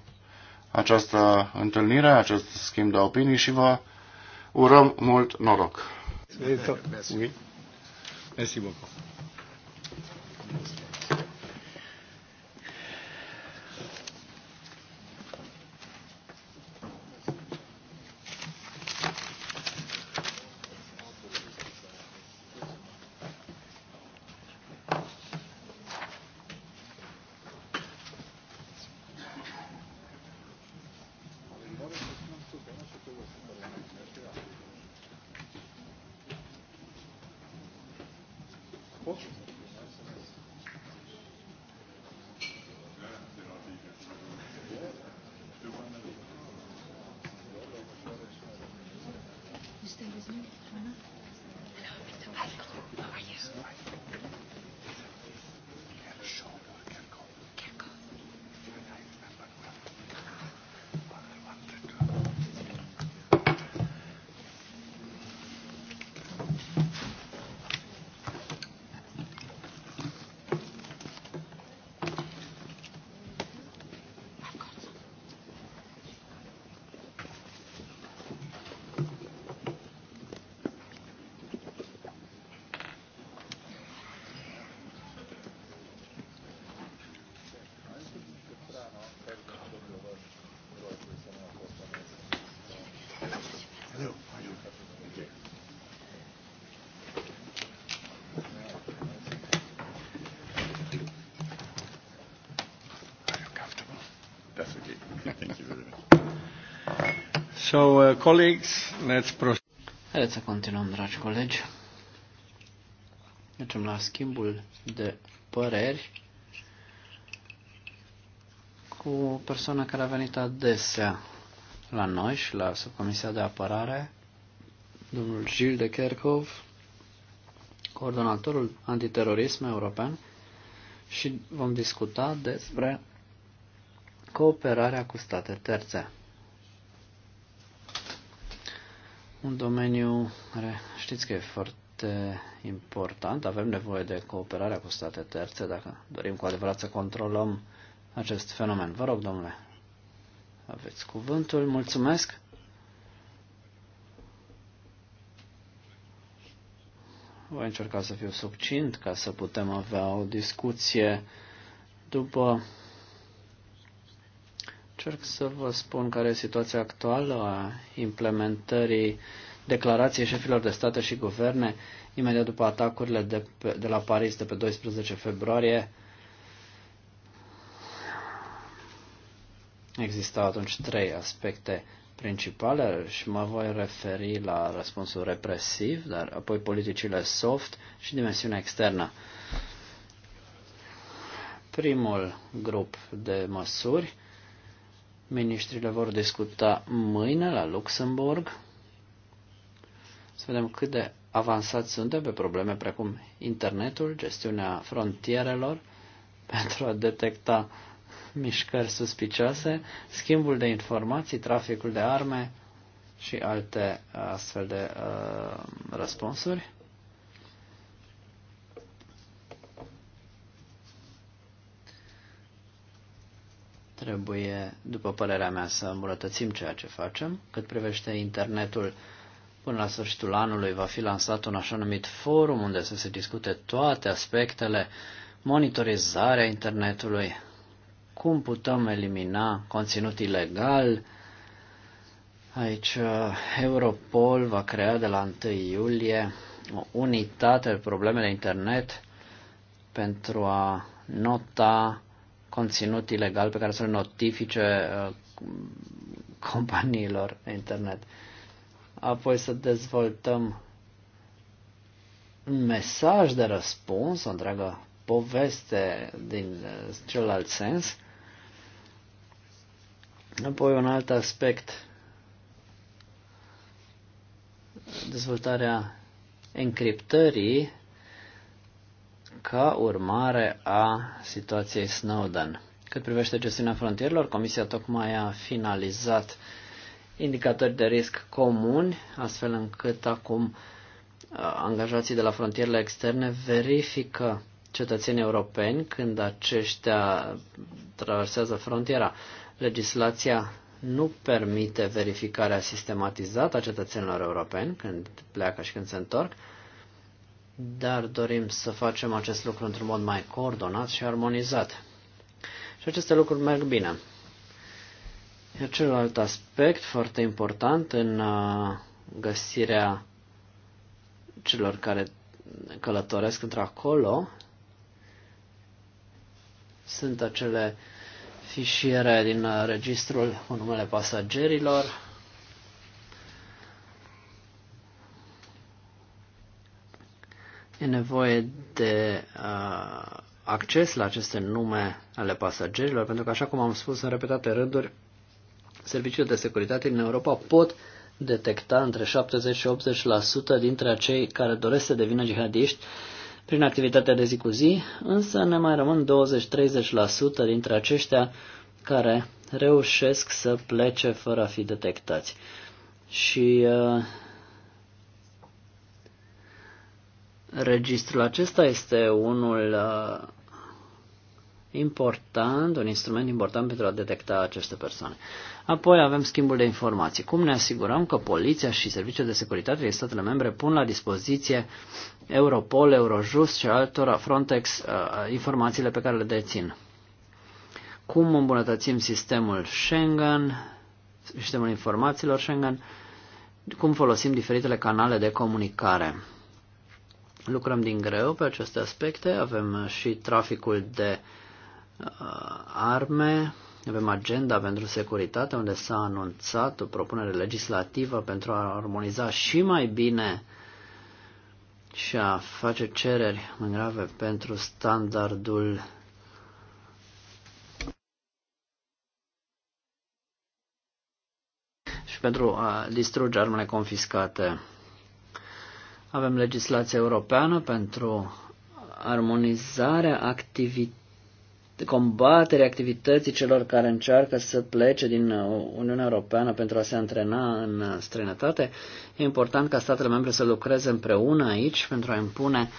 S2: această întâlnire, acest schimb de opinii și vă urăm mult noroc. Merci. Oui. Merci beaucoup. So, uh, colleagues, let's proceed.
S3: Haideți să continuăm, dragi colegi. Mergem la schimbul de păreri cu o persoană care a venit adesea la noi și la subcomisia de apărare, domnul Gilles de Kerkov, coordonatorul antiterorism european, și vom discuta despre cooperarea cu state terțe. un domeniu care știți că e foarte important. Avem nevoie de cooperarea cu state terțe dacă dorim cu adevărat să controlăm acest fenomen. Vă rog, domnule, aveți cuvântul. Mulțumesc. Voi încerca să fiu subcint ca să putem avea o discuție după Încerc să vă spun care e situația actuală a implementării declarației șefilor de state și guverne imediat după atacurile de, pe, de la Paris de pe 12 februarie. Existau atunci trei aspecte principale și mă voi referi la răspunsul represiv, dar apoi politicile soft și dimensiunea externă. Primul grup de măsuri Ministrii le vor discuta mâine la Luxemburg. Să vedem cât de avansați suntem pe probleme precum internetul, gestiunea frontierelor, pentru a detecta mișcări suspicioase, schimbul de informații, traficul de arme și alte uh, astfel de uh, răspunsuri. Trebuie, după părerea mea, să îmbunătățim ceea ce facem. Cât privește internetul, până la sfârșitul anului va fi lansat un așa numit forum unde să se discute toate aspectele, monitorizarea internetului, cum putem elimina conținut ilegal. Aici uh, Europol va crea de la 1 iulie o unitate de problemele internet pentru a nota conținut ilegal pe care să le notifice uh, companiilor internet. Apoi să dezvoltăm un mesaj de răspuns, o întreagă poveste din uh, celălalt sens. Apoi un alt aspect, dezvoltarea encriptării ca urmare a situației Snowden. Cât privește gestiunea frontierelor, Comisia tocmai a finalizat indicatori de risc comuni, astfel încât acum uh, angajații de la frontierele externe verifică cetățenii europeni când aceștia traversează frontiera. Legislația nu permite verificarea sistematizată a cetățenilor europeni când pleacă și când se întorc, dar dorim să facem acest lucru într-un mod mai coordonat și armonizat. Și aceste lucruri merg bine. Iar celălalt aspect foarte important în uh, găsirea celor care călătoresc într-acolo sunt acele fișiere din uh, registrul cu numele pasagerilor, E nevoie de uh, acces la aceste nume ale pasagerilor, pentru că, așa cum am spus în repetate rânduri, serviciile de securitate din Europa pot detecta între 70 și 80% dintre acei care doresc să devină jihadiști prin activitatea de zi cu zi, însă ne mai rămân 20-30% dintre aceștia care reușesc să plece fără a fi detectați. Și uh, Registrul acesta este unul uh, important, un instrument important pentru a detecta aceste persoane. Apoi avem schimbul de informații. Cum ne asigurăm că poliția și Serviciul de securitate din statele membre pun la dispoziție Europol, Eurojust și altora Frontex uh, informațiile pe care le dețin? Cum îmbunătățim sistemul Schengen, sistemul informațiilor Schengen, cum folosim diferitele canale de comunicare. Lucrăm din greu pe aceste aspecte, avem și traficul de uh, arme, avem agenda pentru securitate, unde s-a anunțat o propunere legislativă pentru a armoniza și mai bine și a face cereri mai grave pentru standardul și pentru a distruge armele confiscate. Avem legislația europeană pentru armonizarea activității combaterea activității celor care încearcă să plece din Uniunea Europeană pentru a se antrena în străinătate, e important ca statele membre să lucreze împreună aici pentru a impune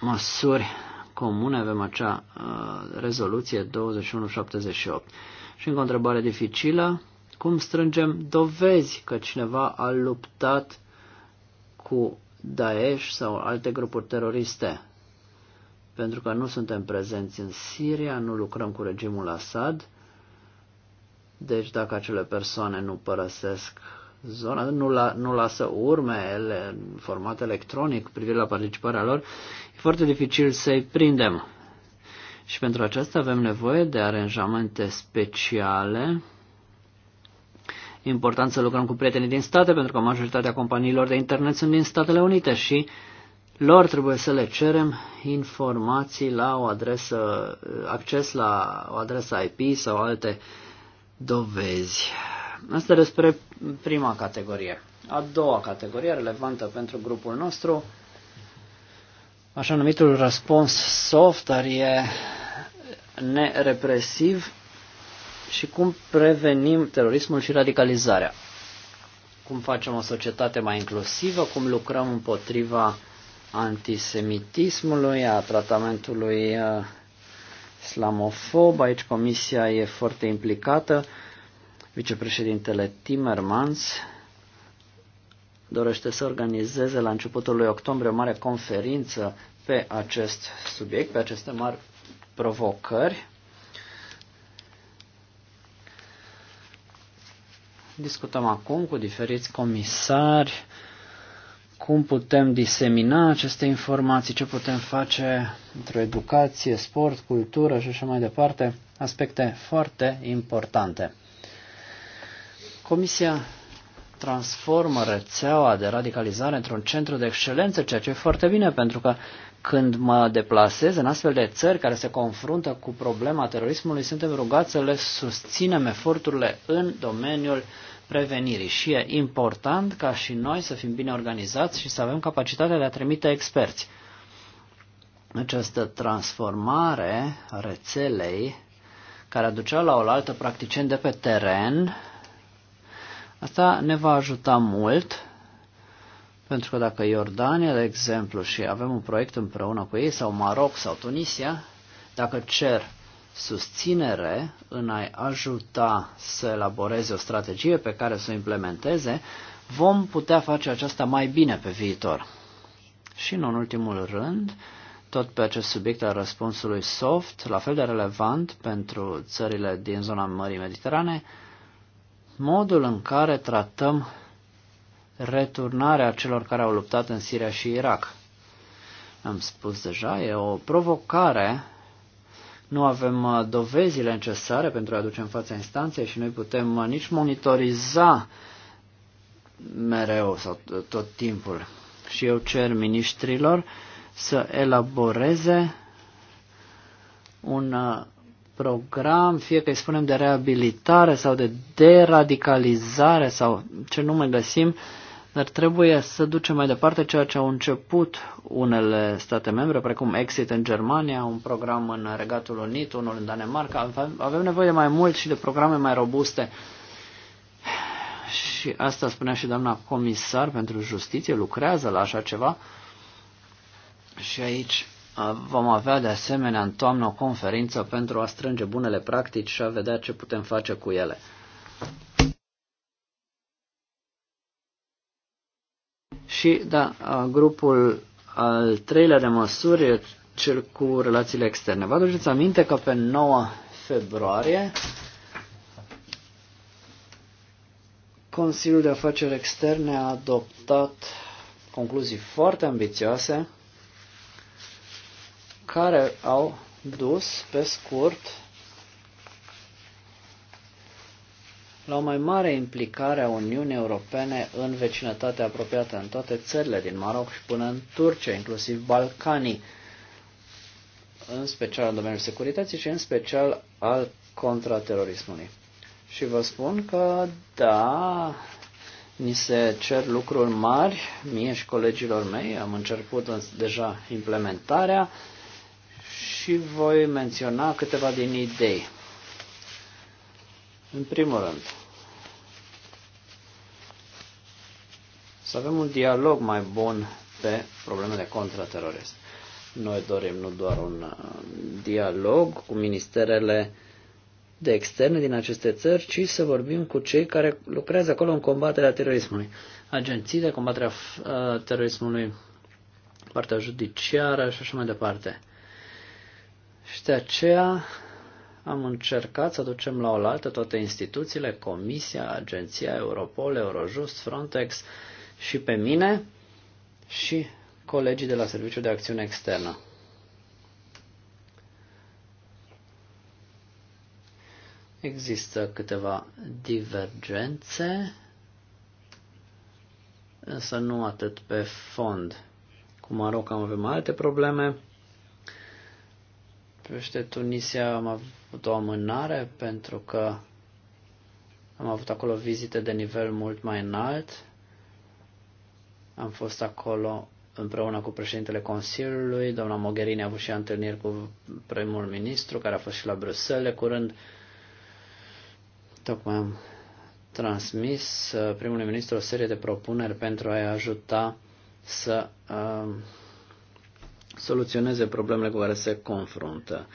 S3: măsuri comune. Avem acea uh, rezoluție 2178. Și încă o întrebare dificilă. Cum strângem dovezi că cineva a luptat cu Daesh sau alte grupuri teroriste. Pentru că nu suntem prezenți în Siria, nu lucrăm cu regimul Assad, deci dacă acele persoane nu părăsesc zona, nu, la, nu lasă urme ele în format electronic privire la participarea lor, e foarte dificil să-i prindem. Și pentru aceasta avem nevoie de aranjamente speciale important să lucrăm cu prietenii din state, pentru că majoritatea companiilor de internet sunt din Statele Unite și lor trebuie să le cerem informații la o adresă, acces la o adresă IP sau alte dovezi. Asta despre prima categorie. A doua categorie, relevantă pentru grupul nostru, așa numitul răspuns soft, dar e nerepresiv, și cum prevenim terorismul și radicalizarea. Cum facem o societate mai inclusivă, cum lucrăm împotriva antisemitismului, a tratamentului uh, islamofob. Aici comisia e foarte implicată. Vicepreședintele Timmermans dorește să organizeze la începutul lui octombrie o mare conferință pe acest subiect, pe aceste mari provocări. Discutăm acum cu diferiți comisari cum putem disemina aceste informații, ce putem face într-o educație, sport, cultură și așa mai departe, aspecte foarte importante. Comisia transformă rețeaua de radicalizare într-un centru de excelență, ceea ce e foarte bine, pentru că când mă deplasez în astfel de țări care se confruntă cu problema terorismului, suntem rugați să le susținem eforturile în domeniul uh, prevenirii și e important ca și noi să fim bine organizați și să avem capacitatea de a trimite experți. Această transformare a rețelei care aducea la oaltă practicieni de pe teren, asta ne va ajuta mult pentru că dacă Iordania, de exemplu, și avem un proiect împreună cu ei, sau Maroc, sau Tunisia, dacă cer susținere în a-i ajuta să elaboreze o strategie pe care să o implementeze, vom putea face aceasta mai bine pe viitor. Și în ultimul rând, tot pe acest subiect al răspunsului soft, la fel de relevant pentru țările din zona Mării Mediterane, modul în care tratăm returnarea celor care au luptat în Siria și Irak. Am spus deja, e o provocare nu avem uh, dovezile necesare pentru a aduce în fața instanței și noi putem uh, nici monitoriza mereu sau tot timpul. Și eu cer ministrilor să elaboreze un uh, program, fie că îi spunem de reabilitare sau de deradicalizare sau ce nume găsim, dar trebuie să ducem mai departe ceea ce au început unele state membre, precum Exit în Germania, un program în Regatul Unit, unul în Danemarca. Avem nevoie de mai mult și de programe mai robuste. Și asta spunea și doamna comisar pentru justiție, lucrează la așa ceva. Și aici vom avea de asemenea în toamnă o conferință pentru a strânge bunele practici și a vedea ce putem face cu ele. Și, da, grupul al treilea de măsuri, cel cu relațiile externe. Vă aduceți aminte că pe 9 februarie Consiliul de Afaceri Externe a adoptat concluzii foarte ambițioase care au dus, pe scurt, la o mai mare implicare a Uniunii Europene în vecinătatea apropiată, în toate țările din Maroc și până în Turcia, inclusiv Balcanii, în special în domeniul securității și în special al contraterorismului. Și vă spun că, da, ni se cer lucruri mari, mie și colegilor mei, am început deja implementarea și voi menționa câteva din idei. În primul rând, să avem un dialog mai bun pe problemele contraterorist. Noi dorim nu doar un uh, dialog cu ministerele de externe din aceste țări, ci să vorbim cu cei care lucrează acolo în combaterea terorismului. Agenții de combaterea a uh, terorismului, partea judiciară și așa mai departe. Și de aceea am încercat să ducem la oaltă toate instituțiile, Comisia, Agenția Europol, Eurojust, Frontex și pe mine și colegii de la Serviciul de Acțiune Externă. Există câteva divergențe, însă nu atât pe fond. Cu Maroc avem alte probleme privește Tunisia, am avut o amânare pentru că am avut acolo vizite de nivel mult mai înalt. Am fost acolo împreună cu președintele Consiliului, doamna Mogherini a avut și întâlniri cu primul ministru, care a fost și la Bruxelles de curând. Tocmai am transmis uh, primului ministru o serie de propuneri pentru a-i ajuta să uh, soluționeze problemele cu care se confruntă.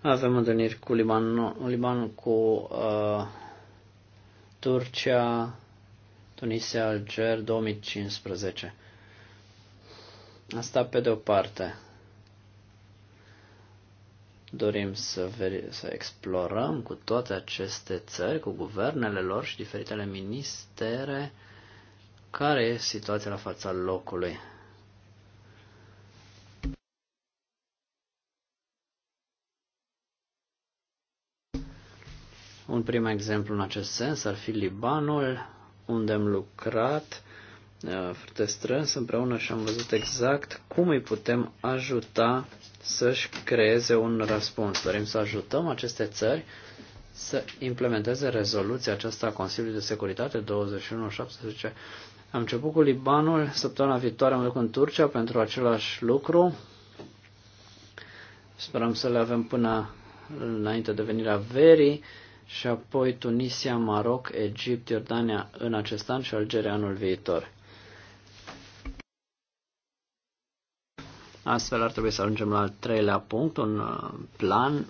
S3: Avem întâlniri cu Libanul, Liban cu uh, Turcia, Tunisia, Alger 2015. Asta pe de o parte. Dorim să, veri, să explorăm cu toate aceste țări, cu guvernele lor și diferitele ministere, care e situația la fața locului. Un prim exemplu în acest sens ar fi Libanul, unde am lucrat uh, foarte strâns împreună și am văzut exact cum îi putem ajuta să-și creeze un răspuns. Dorim să ajutăm aceste țări să implementeze rezoluția aceasta a Consiliului de Securitate 2117. Am început cu Libanul, săptămâna viitoare am lucrat în Turcia pentru același lucru. Sperăm să le avem până înainte de venirea verii și apoi Tunisia, Maroc, Egipt, Iordania în acest an și Algeria anul viitor. Astfel ar trebui să ajungem la al treilea punct, un uh, plan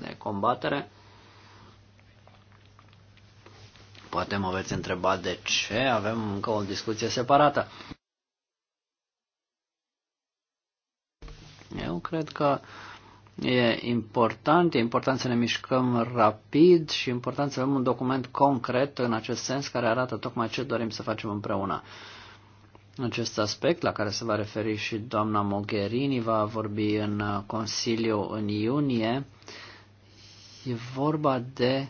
S3: de combatere. Poate mă veți întreba de ce avem încă o discuție separată. Eu cred că uh, E important, e important să ne mișcăm rapid și important să avem un document concret în acest sens care arată tocmai ce dorim să facem împreună. Acest aspect la care se va referi și doamna Mogherini va vorbi în Consiliu în iunie. E vorba de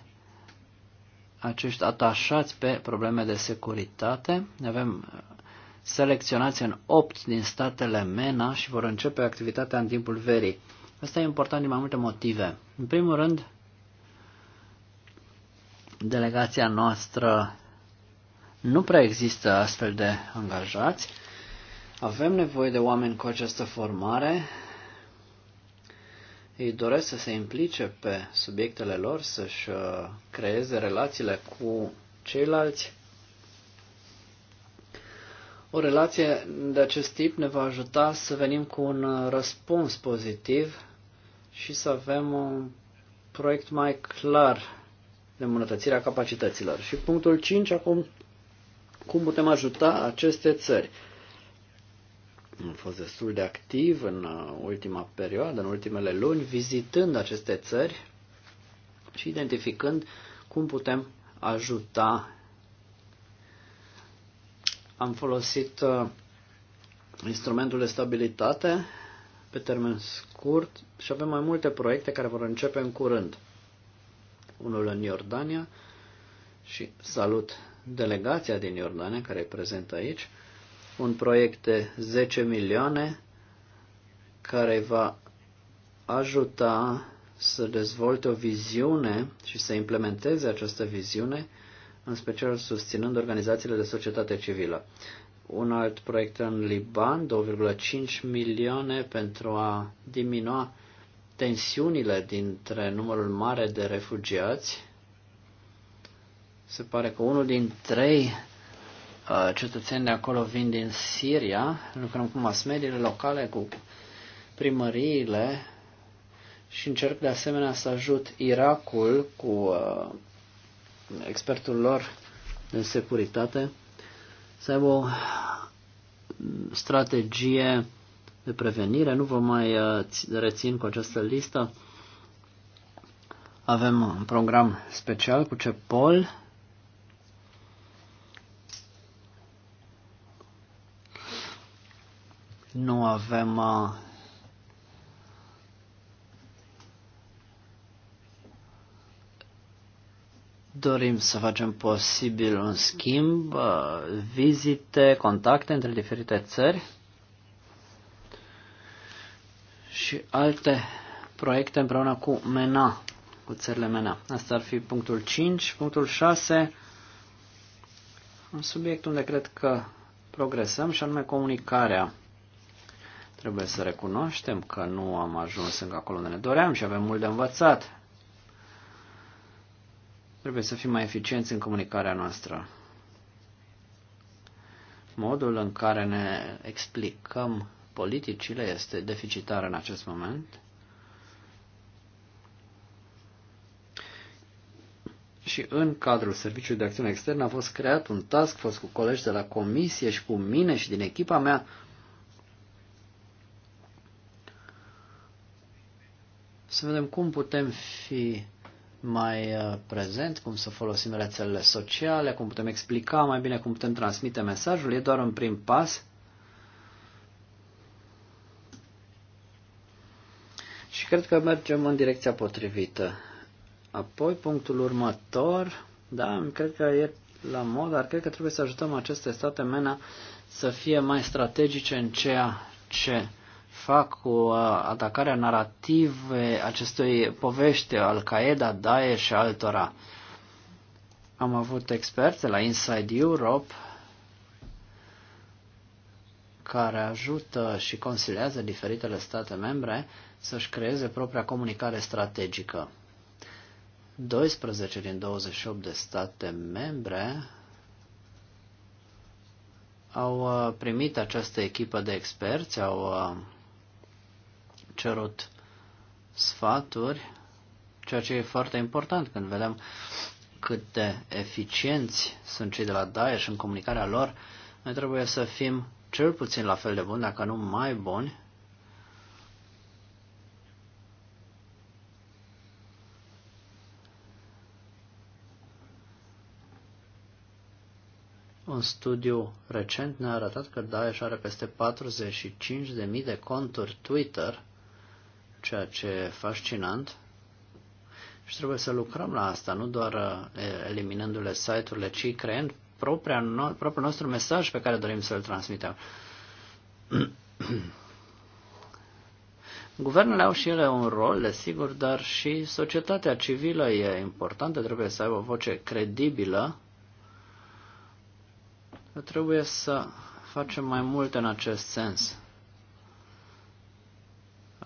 S3: acești atașați pe probleme de securitate. Avem uh, selecționați în 8 din statele MENA și vor începe activitatea în timpul verii. Asta e important din mai multe motive. În primul rând, delegația noastră nu prea există astfel de angajați. Avem nevoie de oameni cu această formare. Ei doresc să se implice pe subiectele lor, să-și uh, creeze relațiile cu ceilalți. O relație de acest tip ne va ajuta să venim cu un uh, răspuns pozitiv și să avem un proiect mai clar de îmbunătățirea capacităților. Și punctul 5, acum, cum putem ajuta aceste țări? Am fost destul de activ în uh, ultima perioadă, în ultimele luni, vizitând aceste țări și identificând cum putem ajuta. Am folosit uh, instrumentul de stabilitate pe termen scurt și avem mai multe proiecte care vor începe în curând. Unul în Iordania și salut delegația din Iordania care e prezentă aici. Un proiect de 10 milioane care va ajuta să dezvolte o viziune și să implementeze această viziune, în special susținând organizațiile de societate civilă un alt proiect în Liban, 2,5 milioane pentru a diminua tensiunile dintre numărul mare de refugiați. Se pare că unul din trei uh, cetățeni de acolo vin din Siria. Lucrăm cu masmediile locale, cu primăriile și încerc de asemenea să ajut Irakul cu uh, expertul lor de securitate să aibă o strategie de prevenire. Nu vă mai uh, rețin cu această listă. Avem un program special cu CEPOL. Nu avem uh, Dorim să facem posibil un schimb, uh, vizite, contacte între diferite țări și alte proiecte împreună cu MENA, cu țările MENA. Asta ar fi punctul 5. Punctul 6, un subiect unde cred că progresăm și anume comunicarea. Trebuie să recunoaștem că nu am ajuns încă acolo unde ne doream și avem mult de învățat. Trebuie să fim mai eficienți în comunicarea noastră. Modul în care ne explicăm politicile este deficitar în acest moment. și în cadrul Serviciului de Acțiune Externă a fost creat un task force cu colegi de la comisie și cu mine și din echipa mea să vedem cum putem fi mai uh, prezent, cum să folosim rețelele sociale, cum putem explica mai bine, cum putem transmite mesajul. E doar un prim pas. Și cred că mergem în direcția potrivită. Apoi, punctul următor, da, cred că e la mod, dar cred că trebuie să ajutăm aceste state MENA să fie mai strategice în ceea ce fac cu uh, atacarea narrative acestui povești Al-Qaeda, Daesh și altora. Am avut experți la Inside Europe care ajută și consiliază diferitele state membre să-și creeze propria comunicare strategică. 12 din 28 de state membre au uh, primit această echipă de experți, au uh, cerut sfaturi, ceea ce e foarte important când vedem cât de eficienți sunt cei de la Daesh în comunicarea lor, noi trebuie să fim cel puțin la fel de buni, dacă nu mai buni, Un studiu recent ne-a arătat că Daesh are peste 45.000 de conturi Twitter ceea ce e fascinant și trebuie să lucrăm la asta, nu doar uh, eliminându-le site-urile, ci creând propria no propriul nostru mesaj pe care dorim să-l transmitem. Guvernele au și ele un rol, desigur, dar și societatea civilă e importantă, trebuie să aibă o voce credibilă. Trebuie să facem mai mult în acest sens.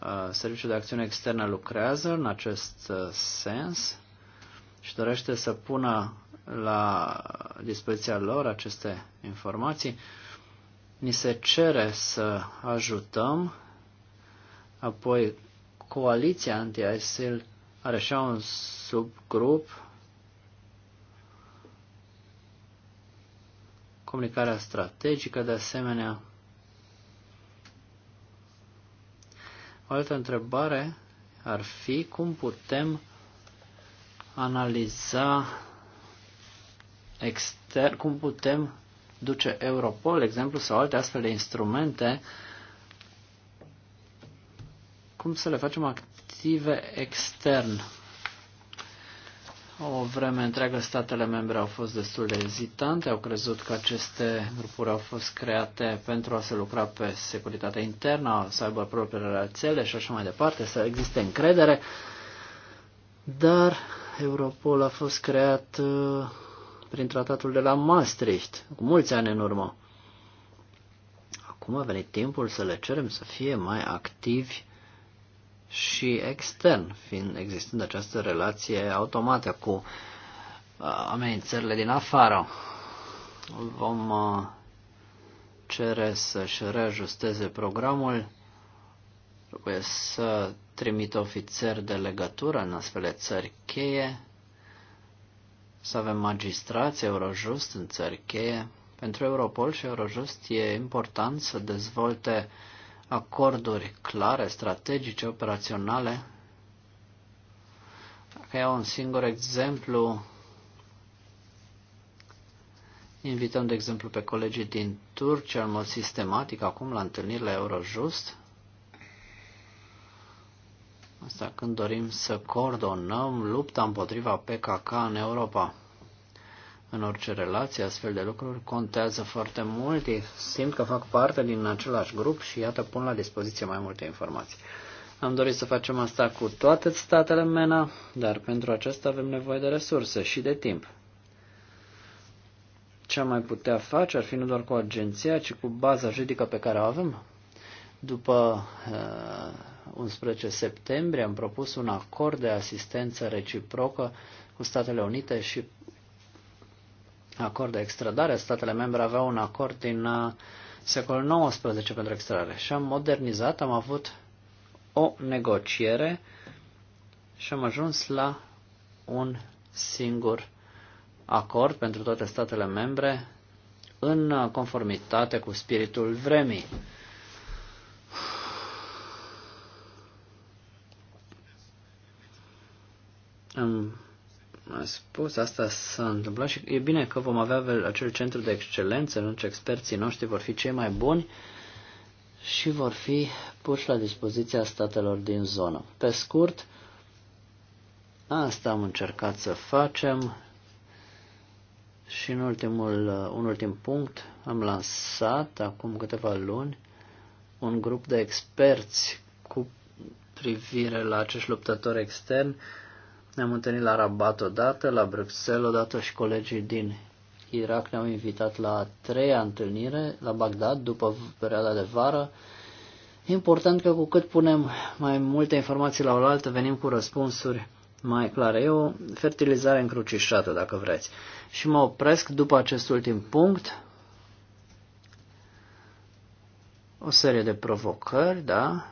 S3: Uh, Serviciul de Acțiune Externă lucrează în acest uh, sens și dorește să pună la dispoziția lor aceste informații. Ni se cere să ajutăm, apoi coaliția anti-ISIL are și un subgrup comunicarea strategică de asemenea O altă întrebare ar fi cum putem analiza extern, cum putem duce Europol, exemplu, sau alte astfel de instrumente, cum să le facem active extern o vreme întreagă statele membre au fost destul de ezitante, au crezut că aceste grupuri au fost create pentru a se lucra pe securitatea internă, să aibă propriile rețele și așa mai departe, să existe încredere, dar Europol a fost creat uh, prin tratatul de la Maastricht, cu mulți ani în urmă. Acum a venit timpul să le cerem să fie mai activi și extern, fiind existând această relație automată cu uh, amenințările din afară. Vom uh, cere să-și reajusteze programul. Trebuie să trimit ofițeri de legătură în astfel de țări cheie, să avem magistrați Eurojust în țări cheie. Pentru Europol și Eurojust e important să dezvolte uh, acorduri clare, strategice, operaționale. Dacă iau un singur exemplu, invităm, de exemplu, pe colegii din Turcia în mod sistematic acum la întâlnirile Eurojust. Asta când dorim să coordonăm lupta împotriva PKK în Europa în orice relație, astfel de lucruri contează foarte mult. Ei simt că fac parte din același grup și iată pun la dispoziție mai multe informații. Am dorit să facem asta cu toate statele MENA, dar pentru aceasta avem nevoie de resurse și de timp. Ce am mai putea face ar fi nu doar cu agenția, ci cu baza juridică pe care o avem. După uh, 11 septembrie am propus un acord de asistență reciprocă cu Statele Unite și acord de extradare, statele membre aveau un acord din uh, secolul XIX pentru extradare și am modernizat, am avut o negociere și am ajuns la un singur acord pentru toate statele membre în conformitate cu spiritul vremii. Am a spus, asta s-a întâmplat și e bine că vom avea acel centru de excelență în ce experții noștri vor fi cei mai buni și vor fi puși la dispoziția statelor din zonă. Pe scurt, asta am încercat să facem și în ultimul, un ultim punct am lansat acum câteva luni un grup de experți cu privire la acești luptători externi ne-am întâlnit la Rabat odată, la Bruxelles odată și colegii din Irak ne-au invitat la a treia întâlnire la Bagdad după perioada de vară. Important că cu cât punem mai multe informații la oaltă, venim cu răspunsuri mai clare. E o fertilizare încrucișată, dacă vreți. Și mă opresc după acest ultim punct. O serie de provocări, da?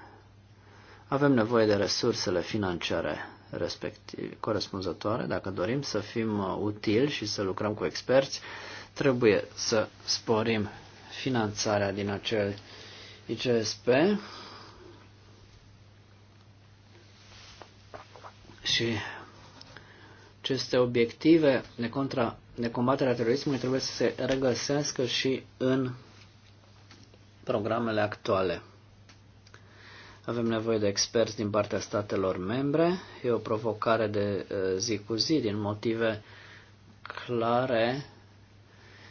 S3: Avem nevoie de resursele financiare respectiv, corespunzătoare, dacă dorim să fim uh, utili și să lucrăm cu experți, trebuie să sporim finanțarea din acel ICSP și aceste obiective de, contra, de combatere a terorismului trebuie să se regăsească și în programele actuale. Avem nevoie de experți din partea statelor membre. E o provocare de zi cu zi din motive clare.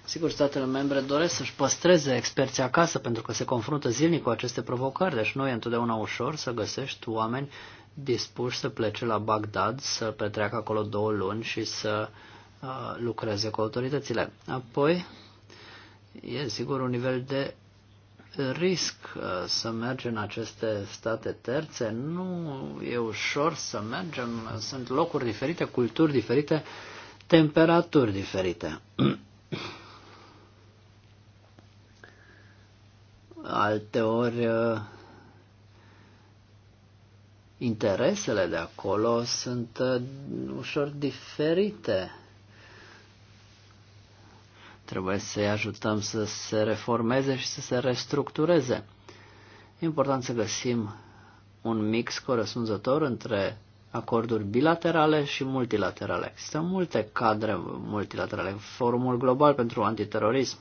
S3: Sigur, statele membre doresc să-și păstreze experții acasă pentru că se confruntă zilnic cu aceste provocări, deci nu e întotdeauna ușor să găsești oameni dispuși să plece la Bagdad, să petreacă acolo două luni și să uh, lucreze cu autoritățile. Apoi, e sigur un nivel de risc uh, să mergi în aceste state terțe. Nu e ușor să mergem, sunt locuri diferite, culturi diferite, temperaturi diferite. Alte ori uh, interesele de acolo sunt uh, ușor diferite. Trebuie să-i ajutăm să se reformeze și să se restructureze. E important să găsim un mix corespunzător între acorduri bilaterale și multilaterale. Există multe cadre multilaterale. Forumul Global pentru Antiterorism,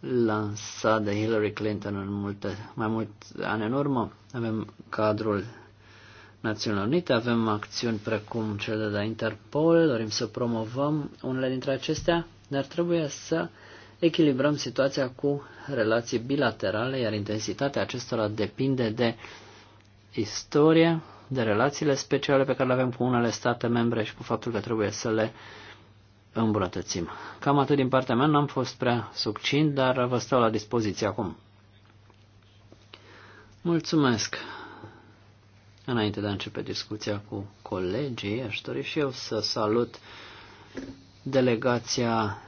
S3: lansat de Hillary Clinton în multe, mai mulți ani în urmă. Avem cadrul Națiunilor Unite, avem acțiuni precum cele de la Interpol, dorim să promovăm unele dintre acestea, dar trebuie să echilibrăm situația cu relații bilaterale, iar intensitatea acestora depinde de istorie, de relațiile speciale pe care le avem cu unele state membre și cu faptul că trebuie să le îmbunătățim. Cam atât din partea mea, n-am fost prea succint, dar vă stau la dispoziție acum. Mulțumesc! Înainte de a începe discuția cu colegii, aș dori și eu să salut delegația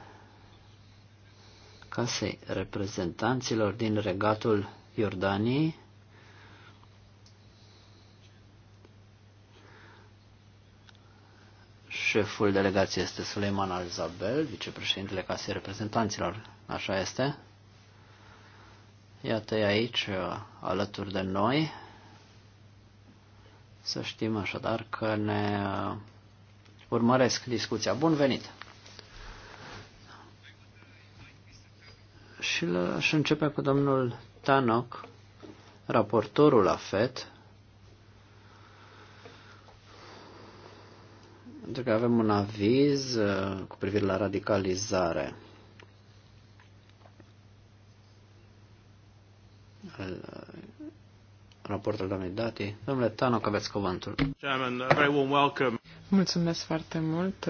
S3: Casei Reprezentanților din Regatul Iordaniei. Șeful delegației este Suleiman Al-Zabel, vicepreședintele Casei Reprezentanților. Așa este? Iată-i aici, alături de noi. Să știm așadar că ne uh, urmăresc discuția. Bun venit! Și aș începe cu domnul Tanok, raportorul la FED, pentru că avem un aviz uh, cu privire la radicalizare. raportul doamnei Dati. Domnule Tanoc, aveți cuvântul.
S1: Mulțumesc foarte mult.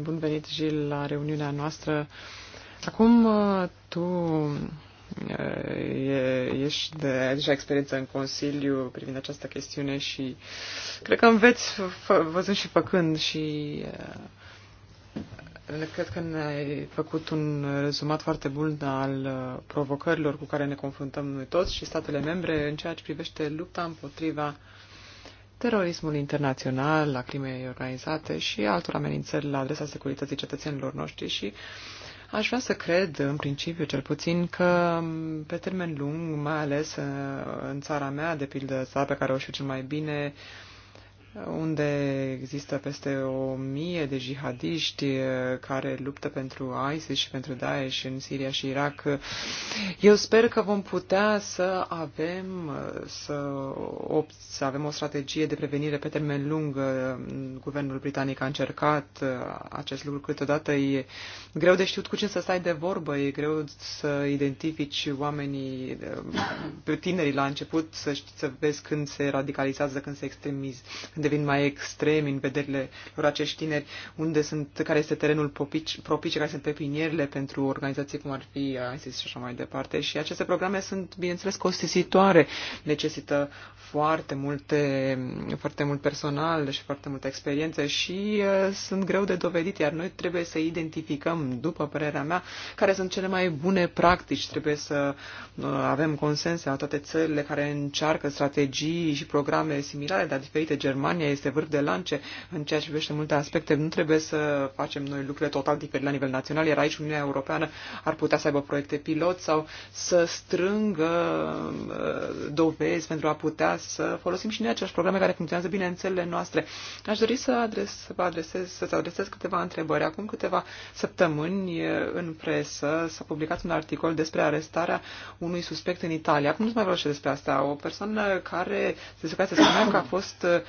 S1: Bun venit, Gil, la reuniunea noastră. Acum tu eh, e, ești de, deja experiență în Consiliu privind această chestiune și cred că înveți văzând și făcând și eh, Cred că ne-ai făcut un rezumat foarte bun al uh, provocărilor cu care ne confruntăm noi toți și statele membre în ceea ce privește lupta împotriva terorismului internațional, la crimei organizate și altor amenințări la adresa securității cetățenilor noștri și aș vrea să cred, în principiu cel puțin, că pe termen lung, mai ales uh, în țara mea, de pildă, țara pe care o știu cel mai bine, unde există peste o mie de jihadiști eh, care luptă pentru ISIS și pentru Daesh în Siria și Irak. Eu sper că vom putea să avem, eh, să, opt, să avem o strategie de prevenire pe termen lung. Eh, Guvernul britanic a încercat acest lucru câteodată. E greu de știut cu cine să stai de vorbă, e greu să identifici oamenii, tinerii la început, să, știi, să vezi când se radicalizează, când se extremizează devin mai extremi în vederile lor acești tineri, unde sunt, care este terenul propice, propice care sunt pepinierile pentru organizații cum ar fi ISIS și așa mai departe. Și aceste programe sunt, bineînțeles, costisitoare, necesită foarte, multe, foarte mult personal și foarte multă experiență și uh, sunt greu de dovedit, iar noi trebuie să identificăm, după părerea mea, care sunt cele mai bune practici. Trebuie să uh, avem consens la toate țările care încearcă strategii și programe similare, dar diferite, Germania, Germania este vârf de lance în ceea ce privește multe aspecte. Nu trebuie să facem noi lucruri total diferite la nivel național, iar aici Uniunea Europeană ar putea să aibă proiecte pilot sau să strângă uh, dovezi pentru a putea să folosim și noi aceleași programe care funcționează bine în țările noastre. Aș dori să, adres, să vă adresez, să adresez câteva întrebări. Acum câteva săptămâni uh, în presă s-a publicat un articol despre arestarea unui suspect în Italia. Acum nu mai vreau despre asta. O persoană care se că spunea că a fost uh,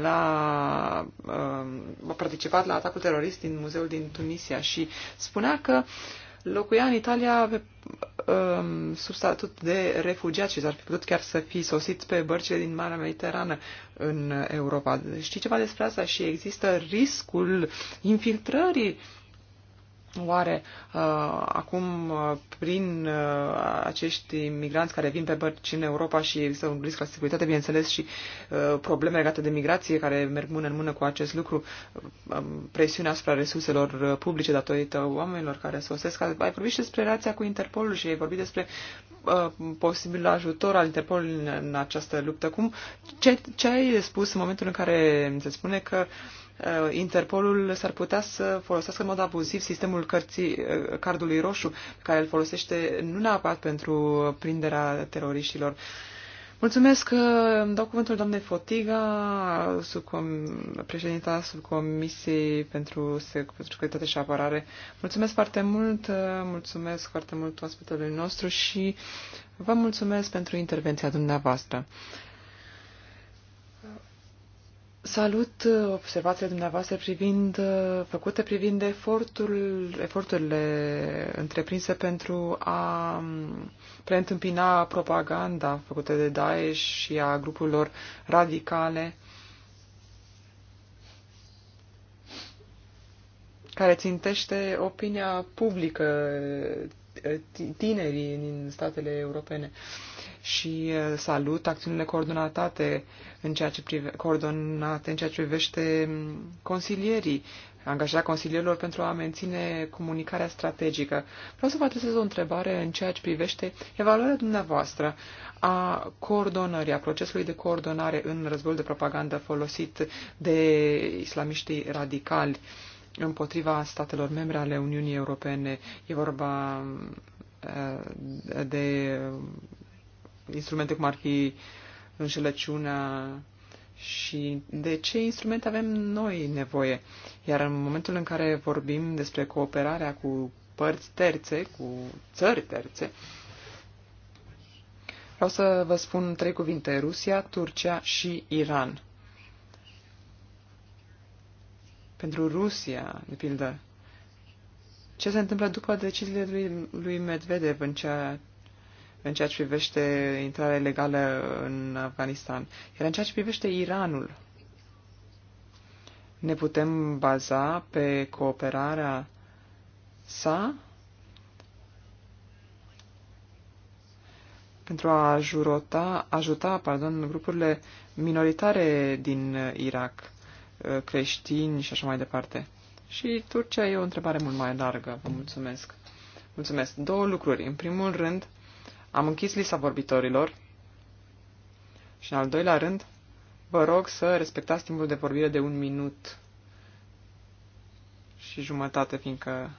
S1: la, um, a participat la atacul terorist din muzeul din Tunisia și spunea că locuia în Italia pe, um, sub statut de refugiat și s-ar fi putut chiar să fi sosit pe bărcile din Marea Mediterană în Europa. Știi ceva despre asta? Și există riscul infiltrării Oare uh, acum, uh, prin uh, acești migranți care vin pe bărci în Europa și există un risc la securitate, bineînțeles, și uh, probleme legate de migrație care merg mână în mână cu acest lucru, uh, um, presiunea asupra resurselor uh, publice datorită oamenilor care sosesc, ai vorbit și despre relația cu Interpolul și ai vorbit despre uh, posibil ajutor al Interpolului în, în această luptă. Cum, ce, ce ai spus în momentul în care se spune că uh, Uh, Interpolul s-ar putea să folosească în mod abuziv sistemul cărții, uh, cardului roșu, care îl folosește nu neapărat pentru prinderea teroriștilor. Mulțumesc uh, îmi dau cuvântul doamnei Fotiga, subcom- președinta subcomisiei pentru, pentru securitate și apărare. Mulțumesc foarte mult, mulțumesc foarte mult oaspetelui nostru și vă mulțumesc pentru intervenția dumneavoastră. Salut uh, observațiile dumneavoastră privind, uh, făcute privind efortul, eforturile întreprinse pentru a um, preîntâmpina propaganda făcută de Daesh și a grupurilor radicale care țintește opinia publică tinerii din statele europene și uh, salut acțiunile coordonate în ceea ce, prive, coordonate în ceea ce privește mm, consilierii, angajarea consilierilor pentru a menține comunicarea strategică. Vreau să vă adresez o întrebare în ceea ce privește evaluarea dumneavoastră a coordonării, a procesului de coordonare în războiul de propagandă folosit de islamiștii radicali. Uh, împotriva statelor membre ale Uniunii Europene. E vorba eh, de eh, instrumente cum ar fi înșelăciunea și de ce instrumente avem noi nevoie. Iar în momentul în care vorbim despre cooperarea cu părți terțe, cu țări terțe, vreau să vă spun trei cuvinte. Rusia, Turcia și Iran. pentru Rusia, de pildă. Ce se întâmplă după deciziile lui, lui Medvedev în ceea, în ceea ce privește intrarea legală în Afganistan? Iar în ceea ce privește Iranul, ne putem baza pe cooperarea sa pentru a ajuta, ajuta pardon, grupurile minoritare din Irak. Uh, creștini și așa mai departe. Și Turcia e o întrebare mult mai largă. Vă mulțumesc. Mulțumesc. Două lucruri. În primul rând, am închis lista vorbitorilor și în al doilea rând, vă rog să respectați timpul de vorbire de un minut și jumătate, fiindcă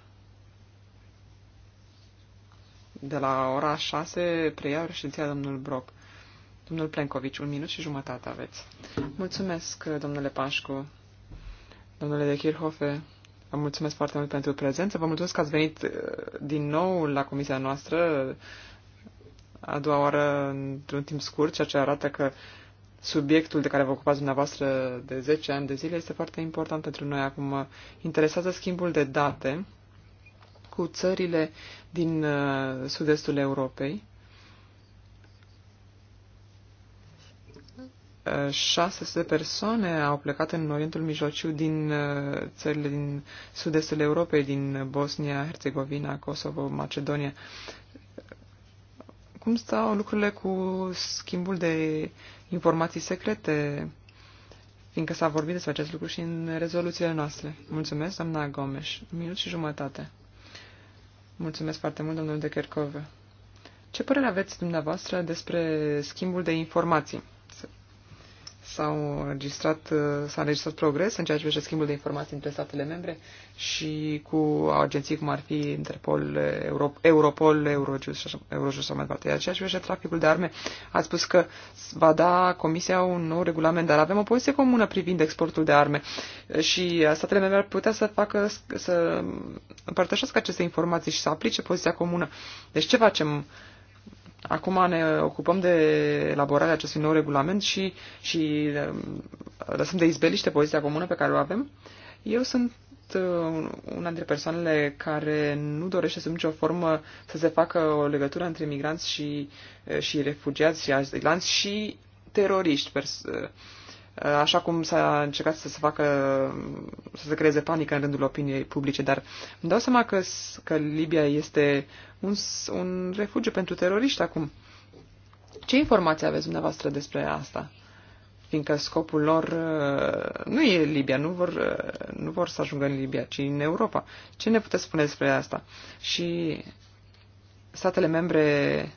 S1: de la ora 6 preia reședinția domnul Brock. Domnul Plencovici, un minut și jumătate aveți. Mulțumesc, domnule Pașcu, domnule de Kirchhofe, vă mulțumesc foarte mult pentru prezență, vă mulțumesc că ați venit uh, din nou la comisia noastră a doua oară într-un timp scurt, ceea ce arată că subiectul de care vă ocupați dumneavoastră de 10 ani de zile este foarte important pentru noi. Acum interesează schimbul de date cu țările din uh, sud-estul Europei 600 de persoane au plecat în Orientul Mijlociu din uh, țările din sud-estul Europei, din Bosnia, Herțegovina, Kosovo, Macedonia. Cum stau lucrurile cu schimbul de informații secrete? Fiindcă s-a vorbit despre acest lucru și în rezoluțiile noastre. Mulțumesc, doamna Gomes. Minut și jumătate. Mulțumesc foarte mult, domnul de Kercove. Ce părere aveți dumneavoastră despre schimbul de informații? s-au înregistrat, uh, s-a înregistrat progres în ceea ce privește schimbul de informații între statele membre și cu agenții cum ar fi Interpol, Europol, Eurojust, Eurojust sau mai departe. Iar ceea ce privește traficul de arme, a spus că va da Comisia un nou regulament, dar avem o poziție comună privind exportul de arme și statele membre ar putea să facă, să împărtășească aceste informații și să aplice poziția comună. Deci ce facem? Acum ne ocupăm de elaborarea acestui nou regulament și, și um, lăsăm de izbeliște poziția comună pe care o avem. Eu sunt uh, una dintre persoanele care nu dorește sub nicio formă să se facă o legătură între migranți și, uh, și refugiați și azilanți și teroriști. Pers- uh, Uh, așa cum s-a încercat să se facă, să se creeze panică în rândul opiniei publice, dar îmi dau seama că, că Libia este un, un refugiu pentru teroriști acum. Ce informații aveți dumneavoastră despre asta? Fiindcă scopul lor uh, nu e Libia, nu vor, uh, nu vor să ajungă în Libia, ci în Europa. Ce ne puteți spune despre asta? Și statele membre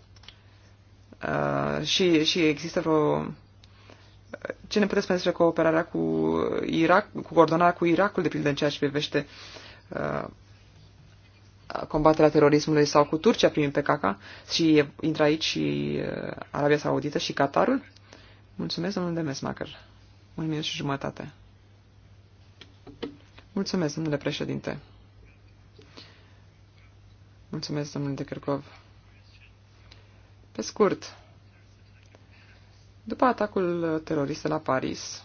S1: Uh, și, și există vreo ce ne puteți spune despre cooperarea cu Irak, cu coordonarea cu Irakul, de pildă, în ceea ce privește uh, combaterea terorismului sau cu Turcia pe PKK și intră aici și uh, Arabia Saudită și Qatarul? Mulțumesc, domnul Demesmacher. Un minut și jumătate. Mulțumesc, domnule președinte. Mulțumesc, domnule de Kerkov. Pe scurt, după atacul uh, terorist la Paris,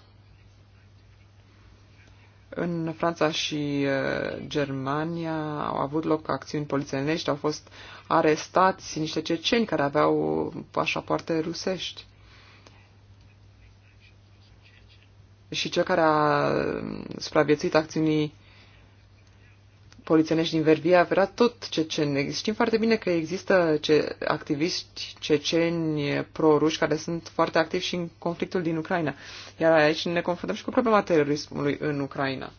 S1: în Franța și uh, Germania au avut loc acțiuni polițienești, au fost arestați niște ceceni care aveau pașapoarte rusești. Și cel care a uh, supraviețuit acțiunii polițienești din Verbia, a tot ceceni. Știm foarte bine că există ce, activiști ceceni proruși care sunt foarte activi și în conflictul din Ucraina. Iar aici ne confruntăm și cu problema terorismului în Ucraina.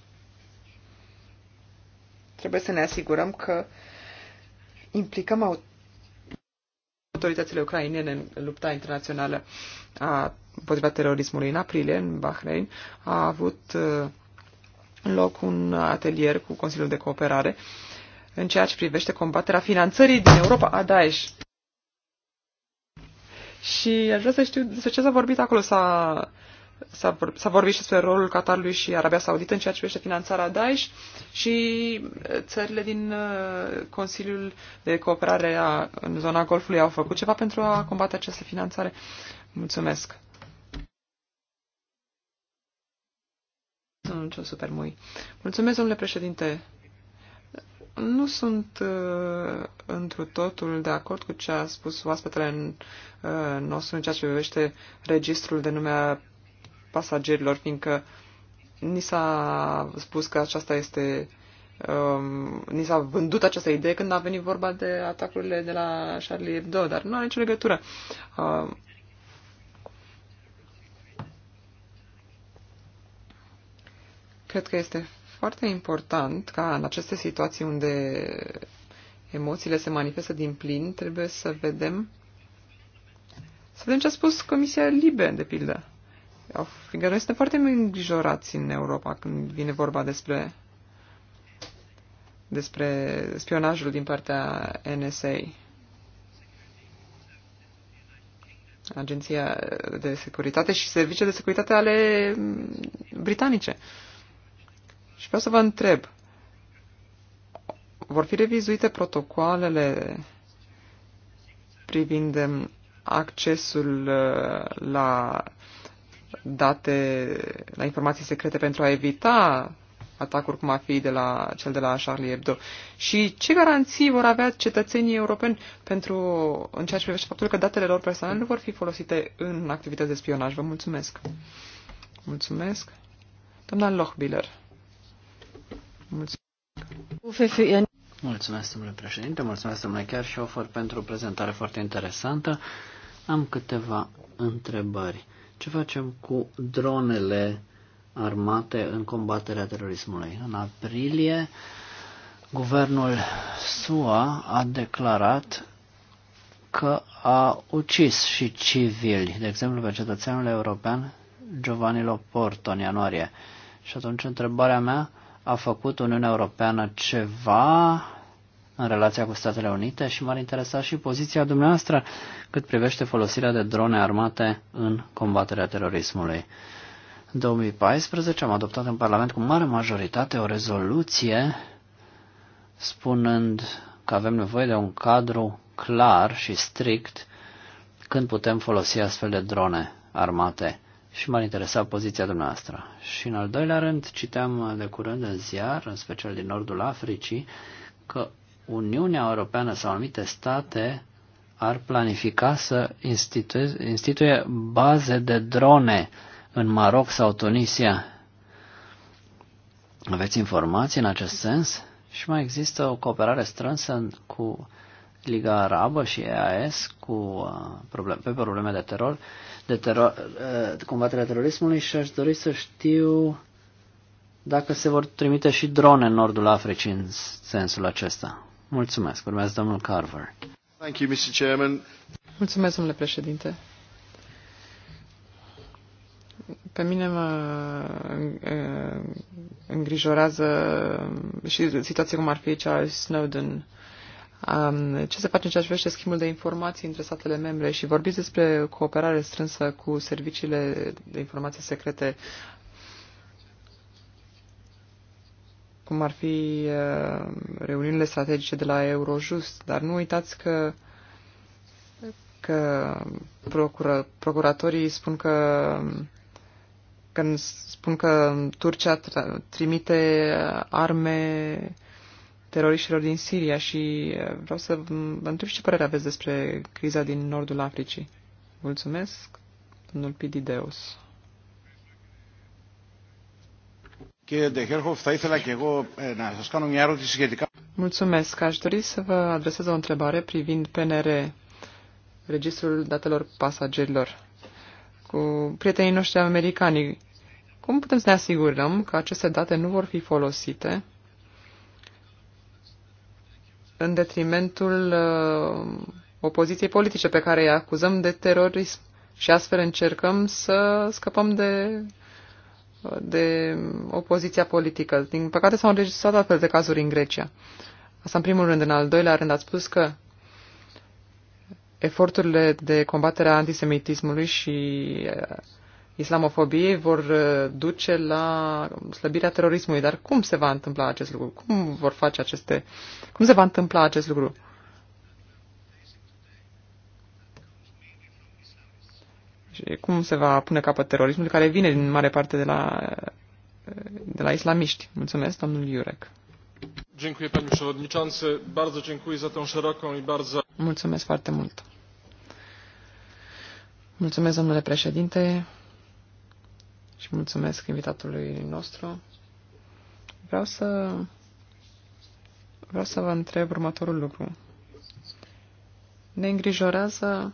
S1: Trebuie să ne asigurăm că implicăm autoritățile ucrainene în lupta internațională a, împotriva terorismului. În aprilie, în Bahrain, a avut uh, în loc un atelier cu Consiliul de Cooperare în ceea ce privește combaterea finanțării din Europa a Daesh. Și aș vrea să știu despre ce s-a vorbit acolo. S-a, s-a, vorbit și despre rolul Qatarului și Arabia Saudită în ceea ce privește finanțarea Daesh și țările din Consiliul de Cooperare a, în zona Golfului au făcut ceva pentru a combate această finanțare. Mulțumesc. Domnul Nicio Supermui. Mulțumesc, domnule președinte. Nu sunt uh, întru totul de acord cu ce a spus oaspetele în, uh, nostru în ceea ce privește registrul de nume a pasagerilor, fiindcă ni s-a spus că aceasta este um, ni s-a vândut această idee când a venit vorba de atacurile de la Charlie Hebdo, dar nu are nicio legătură. Uh, Cred că este foarte important ca în aceste situații unde emoțiile se manifestă din plin, trebuie să vedem să vedem ce a spus Comisia Libe, de pildă. Fiindcă noi suntem foarte îngrijorați în Europa când vine vorba despre despre spionajul din partea NSA. Agenția de Securitate și Serviciile de Securitate ale mm, britanice. Uh, și vreau să vă întreb, vor fi revizuite protocoalele privind um, accesul uh, la date, la informații secrete pentru a evita atacuri cum ar fi de la, cel de la Charlie Hebdo. Și ce garanții vor avea cetățenii europeni pentru, în ceea ce privește faptul că datele lor personale nu vor fi folosite în activități de spionaj? Vă mulțumesc. Mulțumesc. Doamna Lochbiller.
S2: Mulțumesc.
S3: Mulțumesc, domnule președinte, mulțumesc, domnule chiar și ofer pentru o prezentare foarte interesantă. Am câteva întrebări. Ce facem cu dronele armate în combaterea terorismului? În aprilie, guvernul SUA a declarat că a ucis și civili, de exemplu pe cetățeanul european Giovanni Loporto în ianuarie. Și atunci întrebarea mea a făcut Uniunea Europeană ceva în relația cu Statele Unite și m-ar interesa și poziția dumneavoastră cât privește folosirea de drone armate în combaterea terorismului. În 2014 am adoptat în Parlament cu mare majoritate o rezoluție spunând că avem nevoie de un cadru clar și strict când putem folosi astfel de drone armate și m-ar interesa poziția dumneavoastră. Și în al doilea rând, citeam de curând în ziar, în special din nordul Africii, că Uniunea Europeană sau anumite state ar planifica să instituie, instituie baze de drone în Maroc sau Tunisia. Aveți informații în acest sens? Și mai există o cooperare strânsă cu Liga Arabă și EAS cu uh, probleme, pe probleme de teror, de, teror, de uh, combaterea terorismului și aș dori să știu dacă se vor trimite și drone în nordul Africii în sensul acesta. Mulțumesc. Urmează domnul Carver.
S2: Thank you, Mr. Chairman.
S1: Mulțumesc, domnule președinte. Pe mine mă uh, îngrijorează și situația cum ar fi cea Snowden um, ce se face în ceea ce privește schimbul de informații între statele membre și vorbiți despre cooperare strânsă cu serviciile de informații secrete, cum ar fi uh, reuniunile strategice de la Eurojust, dar nu uitați că că procură, procuratorii spun că când spun că Turcia trimite arme teroriștilor din Siria și eh, vreau să vă întreb ce părere aveți despre criza din nordul Africii. Mulțumesc, domnul Pidideus. Mulțumesc. Aș dori să vă adresez o întrebare privind PNR, Registrul Datelor Pasagerilor. Cu prietenii noștri americani, cum putem să ne asigurăm că aceste date nu vor fi folosite în detrimentul uh, opoziției politice pe care îi acuzăm de terorism și astfel încercăm să scăpăm de, uh, de opoziția politică. Din păcate s-au înregistrat astfel de cazuri în Grecia. Asta în primul rând. În al doilea rând ați spus că eforturile de combatere a antisemitismului și uh, islamofobiei vor uh, duce la slăbirea terorismului. Dar cum se va întâmpla acest lucru? Cum vor face aceste... Cum se va întâmpla acest lucru? Și cum se va pune capăt terorismului care vine din mare parte de la, uh, de la islamiști? Mulțumesc, domnul Iurec. Mulțumesc foarte mult. Mulțumesc, domnule președinte și mulțumesc invitatului nostru. Vreau să, vreau să vă întreb următorul lucru. Ne îngrijorează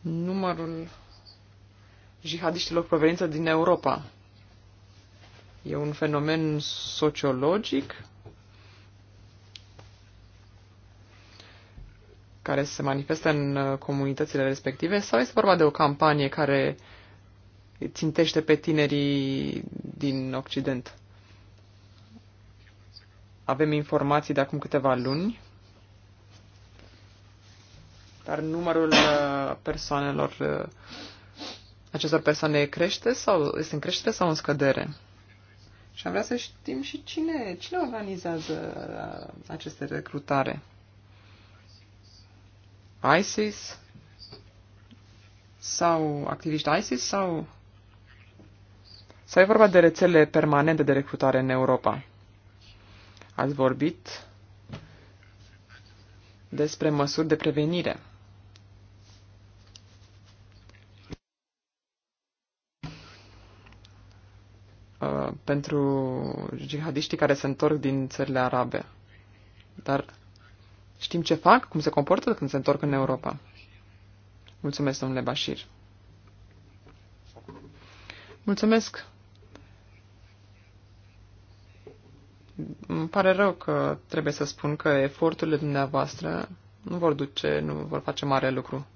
S1: numărul jihadiștilor proveniță din Europa. E un fenomen sociologic care se manifestă în uh, comunitățile respective sau este vorba de o campanie care țintește pe tinerii din Occident? Avem informații de acum câteva luni, dar numărul uh, persoanelor, uh, acestor persoane crește sau este în creștere sau în scădere? Și am vrea să știm și cine, cine organizează aceste recrutare. ISIS sau activiști ISIS sau... Sau e vorba de rețele permanente de recrutare în Europa? Ați vorbit despre măsuri de prevenire. Uh, pentru jihadiștii care se întorc din țările arabe. Dar Știm ce fac, cum se comportă când se întorc în Europa. Mulțumesc, domnule Bashir. Mulțumesc. Îmi pare rău că trebuie să spun că eforturile dumneavoastră nu vor duce, nu vor face mare lucru.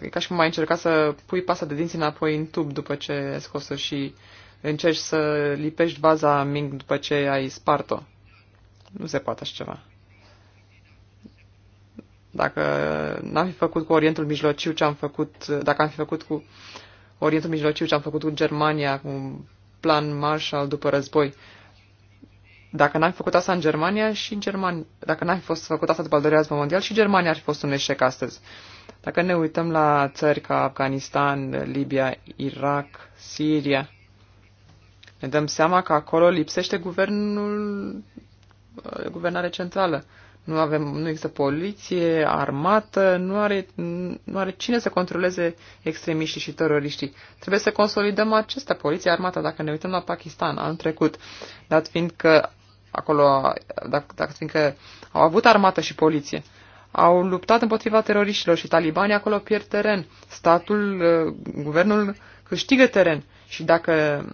S1: E ca și cum ai încerca să pui pasta de dinți înapoi în tub după ce ai scos-o și încerci să lipești vaza ming după ce ai spart-o. Nu se poate așa ceva. Dacă n-am fi făcut cu Orientul Mijlociu ce am făcut, dacă am fi făcut cu Orientul Mijlociu ce am făcut cu Germania, cu un plan Marshall după război, dacă n-am făcut asta în Germania și în Germania, dacă n-am fost făcut asta după al doilea război mondial și Germania ar fi fost un eșec astăzi. Dacă ne uităm la țări ca Afganistan, Libia, Irak, Siria, ne dăm seama că acolo lipsește guvernul, guvernare centrală. Nu, avem, nu există poliție, armată, nu are, nu are cine să controleze extremiștii și teroriștii. Trebuie să consolidăm acestea, poliția, armata, dacă ne uităm la Pakistan anul trecut, dat fiind că acolo, dacă, fiind că au avut armată și poliție, au luptat împotriva teroriștilor și talibanii acolo pierd teren. Statul, uh, guvernul câștigă teren și dacă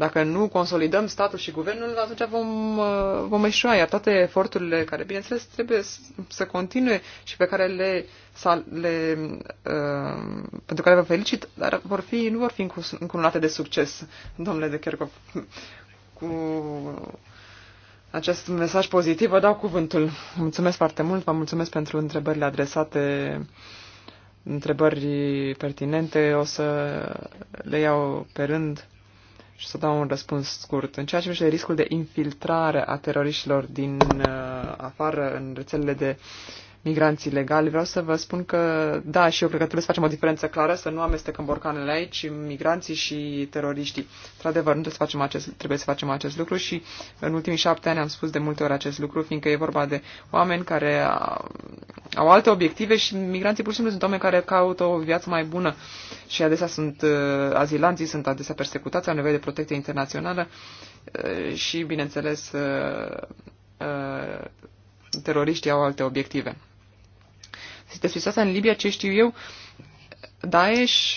S1: dacă nu consolidăm statul și guvernul, atunci vom, uh, vom eșua, iar toate eforturile care, bineînțeles, trebuie să continue și pe care le, le uh, pentru care vă felicit, dar vor fi, nu vor fi încununate de succes, domnule de Kerkov. Cu acest mesaj pozitiv vă dau cuvântul. Mulțumesc foarte mult, vă mulțumesc pentru întrebările adresate întrebări pertinente, o să le iau pe rând și să dau un răspuns scurt. În ceea ce privește riscul de infiltrare a teroriștilor din uh, afară în rețelele de uh, migranți ilegali. Vreau să vă spun că, da, și eu cred că trebuie să facem o diferență clară, să nu amestecăm borcanele aici, migranții și teroriștii. Într-adevăr, nu trebuie să, facem acest, trebuie să facem acest lucru și în ultimii șapte ani am spus de multe ori acest lucru, fiindcă e vorba de oameni care au alte obiective și migranții pur și simplu sunt oameni care caută o viață mai bună și adesea sunt uh, azilanții, sunt adesea persecutați, au nevoie de protecție internațională uh, și, bineînțeles, uh, teroriștii au alte obiective. Este situația în Libia, ce știu eu, Daesh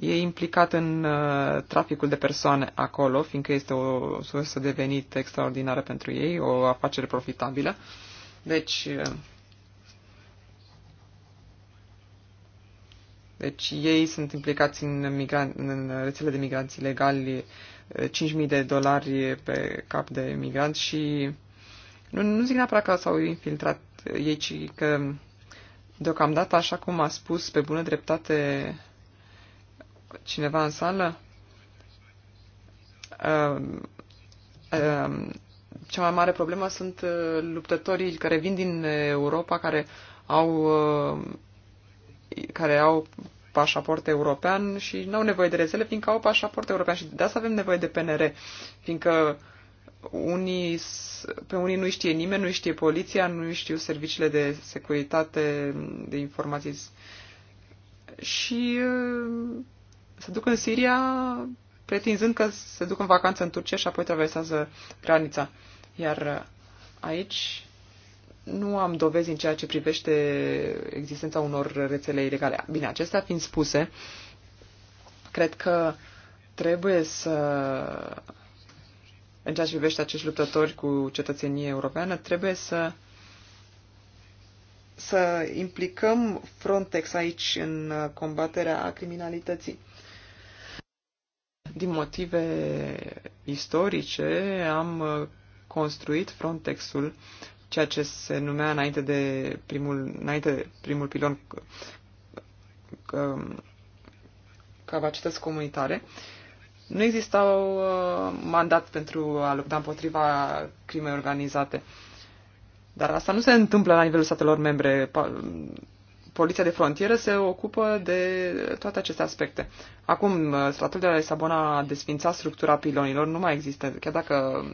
S1: e implicat în uh, traficul de persoane acolo, fiindcă este o sursă de venit extraordinară pentru ei, o afacere profitabilă. Deci, uh, deci ei sunt implicați în, migran- în rețele de migranți ilegali, 5.000 uh, de dolari pe cap de migranți și nu, nu zic neapărat că s-au infiltrat ei, ci că Deocamdată, așa cum a spus pe bună dreptate cineva în sală, um, um, cea mai mare problemă sunt uh, luptătorii care vin din Europa, care au, uh, care au pașaport european și nu au nevoie de rețele, fiindcă au pașaport european și de asta avem nevoie de PNR, fiindcă unii, pe unii nu știe nimeni, nu știe poliția, nu știu serviciile de securitate, de informații. Și uh, se duc în Siria pretinzând că se duc în vacanță în Turcia și apoi traversează granița. Iar uh, aici nu am dovezi în ceea ce privește existența unor rețele ilegale. Bine, acestea fiind spuse, cred că trebuie să în ceea ce privește acești luptători cu cetățenie europeană, trebuie să să implicăm Frontex aici în combaterea criminalității. Din motive istorice am construit Frontexul, ceea ce se numea înainte de primul, înainte de primul pilon um, capacități comunitare, nu uh, mandat pentru a lupta împotriva crimei organizate. Dar asta nu se întâmplă la nivelul statelor membre. Poliția de frontieră se ocupă de toate aceste aspecte. Acum, uh, statul de la Lisabona a desfințat structura pilonilor, nu mai există, chiar dacă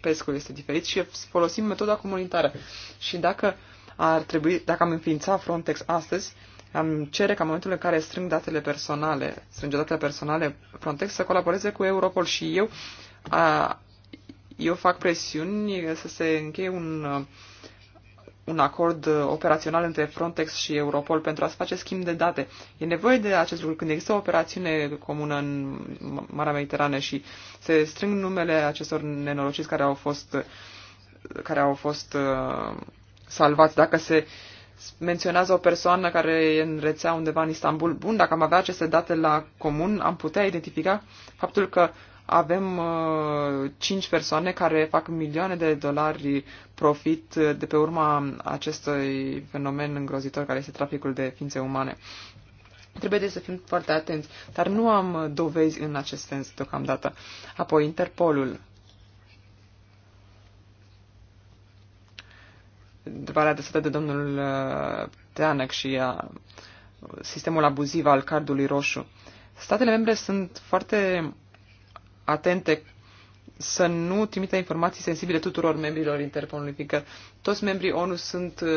S1: pescul este diferit și folosim metoda comunitară. Și dacă ar trebui, dacă am înființat Frontex astăzi, uh, am cere ca în momentul în care strâng datele personale, strânge datele personale Frontex să colaboreze cu Europol și eu a, eu fac presiuni să se încheie un un acord operațional între Frontex și Europol pentru a se face schimb de date. E nevoie de acest lucru. Când există o operațiune comună în Marea Mediterană și se strâng numele acestor nenorociți care au fost, care au fost uh, salvați, dacă se uh, menționează o persoană care e în rețea undeva în Istanbul. Bun, dacă am avea aceste date la comun, am putea identifica faptul că avem uh, cinci persoane care fac milioane de dolari profit uh, de pe urma acestui fenomen îngrozitor care este traficul de ființe umane. Trebuie de să fim foarte atenți, dar nu am dovezi în acest sens deocamdată. Apoi Interpolul. întrebarea adresată de domnul uh, Teanec și a, uh, sistemul abuziv al cardului roșu. Statele membre sunt foarte atente să nu trimită informații sensibile tuturor membrilor Interpolului, fiindcă toți membrii ONU sunt uh,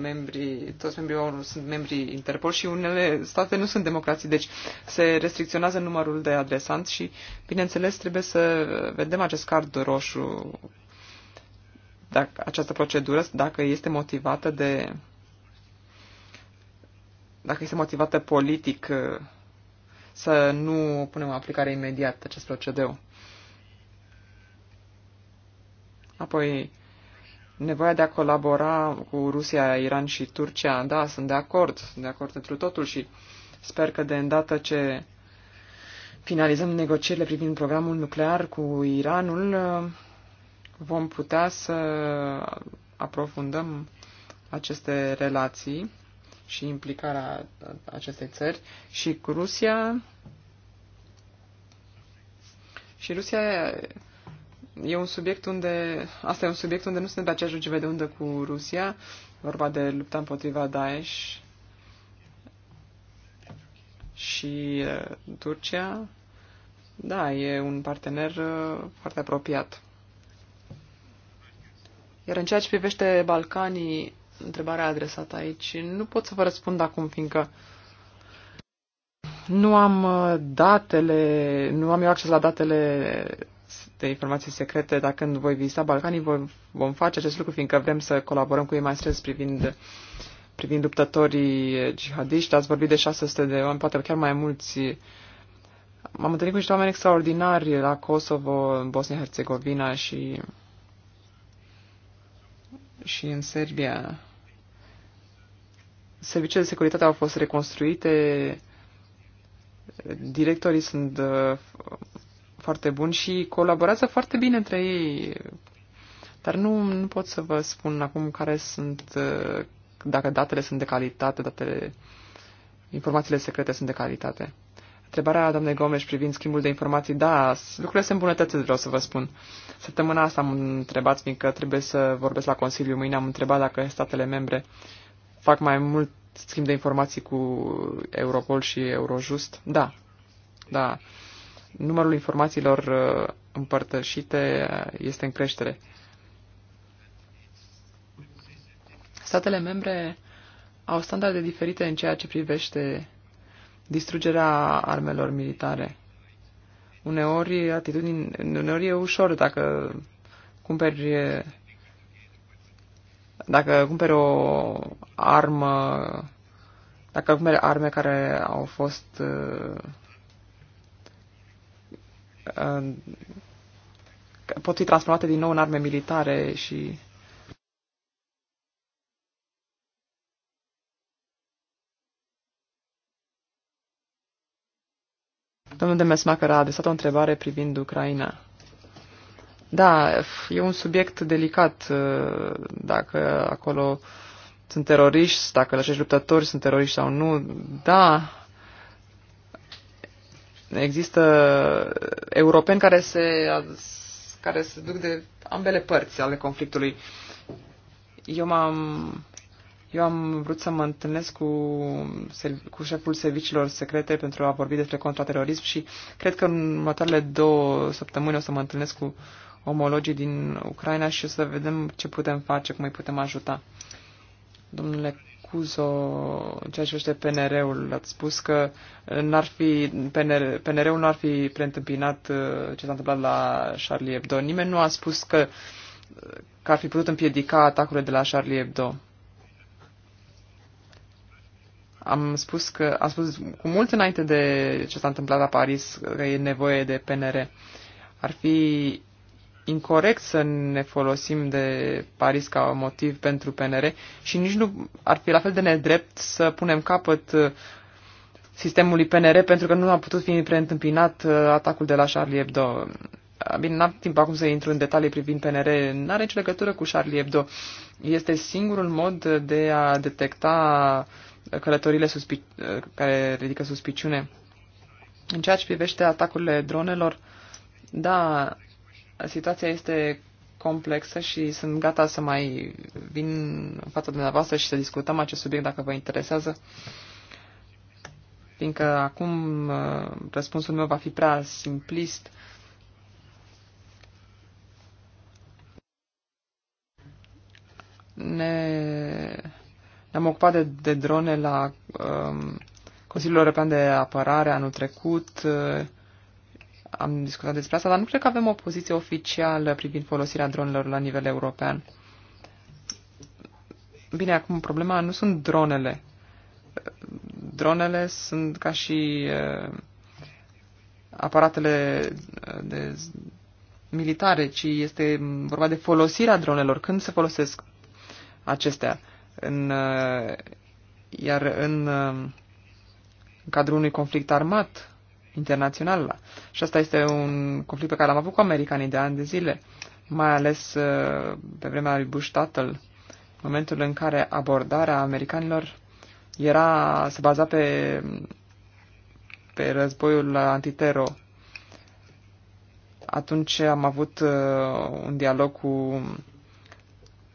S1: membri, toți membrii ONU sunt membri Interpol și unele state nu sunt democrații, deci se restricționează numărul de adresanți și, bineînțeles, trebuie să vedem acest card roșu dacă această procedură, dacă este motivată de dacă este motivată politic uh, să nu punem în aplicare imediat acest procedeu. Apoi, nevoia de a colabora cu Rusia, Iran și Turcia, da, sunt de acord, sunt de acord pentru totul și sper că de îndată ce finalizăm negocierile privind programul nuclear cu Iranul, uh, vom putea să aprofundăm aceste relații și implicarea acestei țări și cu Rusia. Și Rusia e un subiect unde, asta e un subiect unde nu suntem pe aceeași lungime de undă cu Rusia, vorba de lupta împotriva Daesh și uh, Turcia. Da, e un partener uh, foarte apropiat. Iar în ceea ce privește Balcanii, întrebarea adresată aici, nu pot să vă răspund acum, fiindcă nu am uh, datele, nu am eu acces la datele de informații secrete, dar când voi vizita Balcanii vom, vom face acest lucru, fiindcă vrem să colaborăm cu ei mai strâns privind, privind luptătorii jihadiști. Ați vorbit de 600 de oameni, poate chiar mai mulți. M-am întâlnit cu niște oameni extraordinari la Kosovo, în Bosnia-Herzegovina și și în Serbia. Serviciile de securitate au fost reconstruite, directorii sunt uh, foarte buni și colaborează foarte bine între ei. Dar nu, nu pot să vă spun acum care sunt, uh, dacă datele sunt de calitate, datele, informațiile secrete sunt de calitate. Întrebarea doamnei Gomes privind schimbul de informații, da, lucrurile se îmbunătățesc, vreau să vă spun. Săptămâna asta am întrebat, fiindcă trebuie să vorbesc la Consiliu, mâine am întrebat dacă statele membre fac mai mult schimb de informații cu Europol și Eurojust. Da, da. Numărul informațiilor uh, împărtășite uh, este în creștere. Statele membre au standarde diferite în ceea ce privește distrugerea armelor militare. Uneori, atitudini, uneori e ușor dacă cumperi dacă cumperi o armă dacă cumperi arme care au fost uh, uh, pot fi transformate din nou în arme militare și Domnul Demesmacher a adresat o întrebare privind Ucraina. Da, e un subiect delicat uh, dacă acolo sunt teroriști, dacă acești luptători sunt teroriști sau nu. Da, există europeni care se, care se duc de ambele părți ale conflictului. Eu m-am eu am vrut să mă întâlnesc cu, cu șeful serviciilor secrete pentru a vorbi despre contraterorism și cred că în următoarele două săptămâni o să mă întâlnesc cu omologii din Ucraina și o să vedem ce putem face, cum îi putem ajuta. Domnule Cuzo, în ceea ce este PNR-ul, ați spus că n-ar fi, PNR, PNR-ul ar fi preîntâmpinat uh, ce s-a întâmplat la Charlie Hebdo. Nimeni nu a spus că, uh, că ar fi putut împiedica atacurile de la Charlie Hebdo. Am spus, că, am spus cu mult înainte de ce s-a întâmplat la Paris că e nevoie de PNR. Ar fi incorrect să ne folosim de Paris ca motiv pentru PNR și nici nu ar fi la fel de nedrept să punem capăt uh, sistemului PNR pentru că nu a putut fi preîntâmpinat uh, atacul de la Charlie Hebdo. Bine, n-am timp acum să intru în detalii privind PNR, n-are nicio legătură cu Charlie Hebdo. Este singurul mod de a detecta uh, călătorile care ridică suspiciune. În ceea ce privește atacurile dronelor, da, situația este complexă și sunt gata să mai vin în fața dumneavoastră și să discutăm acest subiect dacă vă interesează. Fiindcă acum uh, răspunsul meu va fi prea simplist. Ne ne-am ocupat de, de drone la um, Consiliul European de Apărare anul trecut. Uh, am discutat despre asta, dar nu cred că avem o poziție oficială privind folosirea dronelor la nivel european. Bine, acum problema nu sunt dronele. Dronele sunt ca și uh, aparatele uh, de militare, ci este vorba de folosirea dronelor. Când se folosesc acestea? În, uh, iar în, uh, în cadrul unui conflict armat internațional. Și asta este un conflict pe care l-am avut cu americanii de ani de zile, mai ales uh, pe vremea lui Bush tatăl, momentul în care abordarea americanilor era, se baza pe, pe războiul antitero. Atunci am avut un dialog cu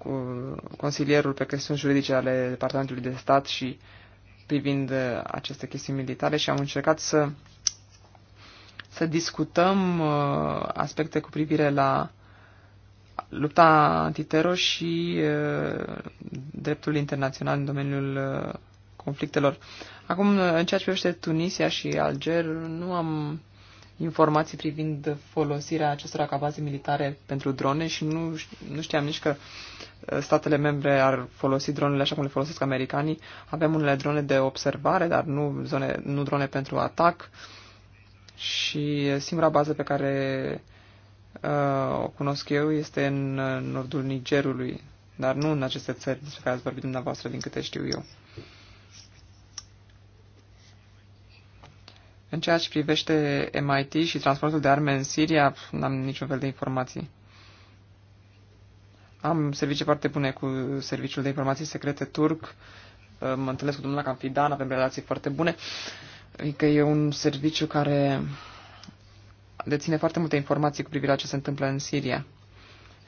S1: cu consilierul pe chestiuni juridice ale Departamentului de Stat și privind uh, aceste chestiuni militare și am încercat să, să discutăm uh, aspecte cu privire la lupta antiteror și uh, dreptul internațional în domeniul conflictelor. Acum, în ceea ce privește Tunisia și Alger, nu am informații privind folosirea acestor acabaze militare pentru drone și nu, nu știam nici că uh, statele membre ar folosi dronele așa cum le folosesc americanii. Avem unele drone de observare, dar nu, zone, nu drone pentru atac. Și uh, singura bază pe care uh, o cunosc eu este în uh, nordul Nigerului, dar nu în aceste țări despre care ați vorbit dumneavoastră, din câte știu eu. În ceea ce privește MIT și transportul de arme în Siria, n-am niciun fel de informații. Am servicii foarte bune cu Serviciul de Informații Secrete turc. Mă întâlnesc cu domnul Camfidan, avem relații foarte bune. Adică e un serviciu care deține foarte multe informații cu privire la ce se întâmplă în Siria.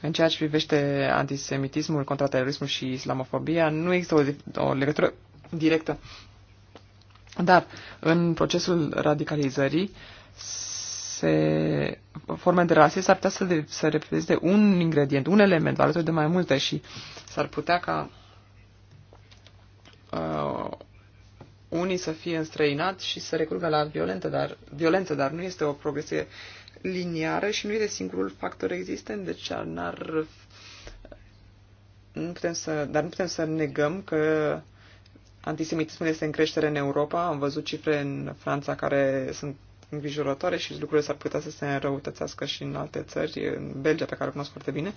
S1: În ceea ce privește antisemitismul, contraterorismul și islamofobia, nu există o, o legătură directă dar în procesul radicalizării, se, forme de rasism ar putea să, de, să reprezinte un ingredient, un element, alături de mai multe și s-ar putea ca uh, unii să fie înstrăinați și să recurgă la violență dar, violență, dar nu este o progresie liniară și nu este singurul factor existent, deci n-ar nu putem să, dar nu putem să negăm că Antisemitismul este în creștere în Europa. Am văzut cifre în Franța care sunt îngrijorătoare și lucrurile s-ar putea să se înrăutățească și în alte țări, în Belgia, pe care o cunosc foarte bine.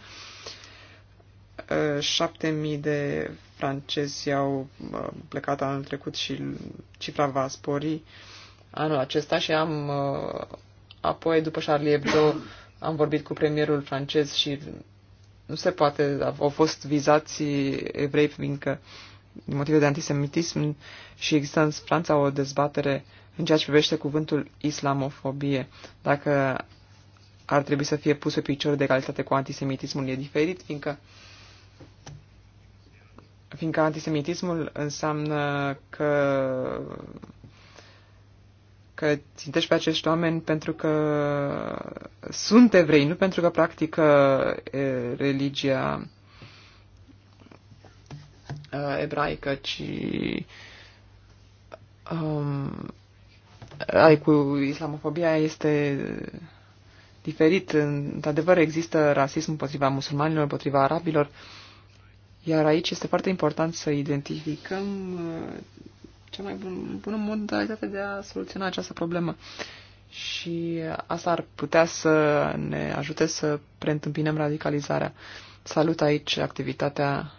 S1: 7.000 uh, de francezi au uh, plecat anul trecut și cifra va spori anul acesta și am uh, apoi, după Charlie Hebdo, am vorbit cu premierul francez și nu se poate, au fost vizați evrei fiindcă că motive de antisemitism și există în Franța o dezbatere în ceea ce privește cuvântul islamofobie. Dacă ar trebui să fie pus pe picior de egalitate cu antisemitismul, e diferit, fiindcă fiindcă antisemitismul înseamnă că că țintești pe acești oameni pentru că sunt evrei, nu pentru că practică religia uh, ebraică, ci um, ai, cu islamofobia este diferit. Într-adevăr, există rasism împotriva musulmanilor, împotriva arabilor, iar aici este foarte important să identificăm uh, cea mai bun, bună modalitate de a soluționa această problemă. Și asta ar putea să ne ajute să preîntâmpinăm radicalizarea. Salut aici activitatea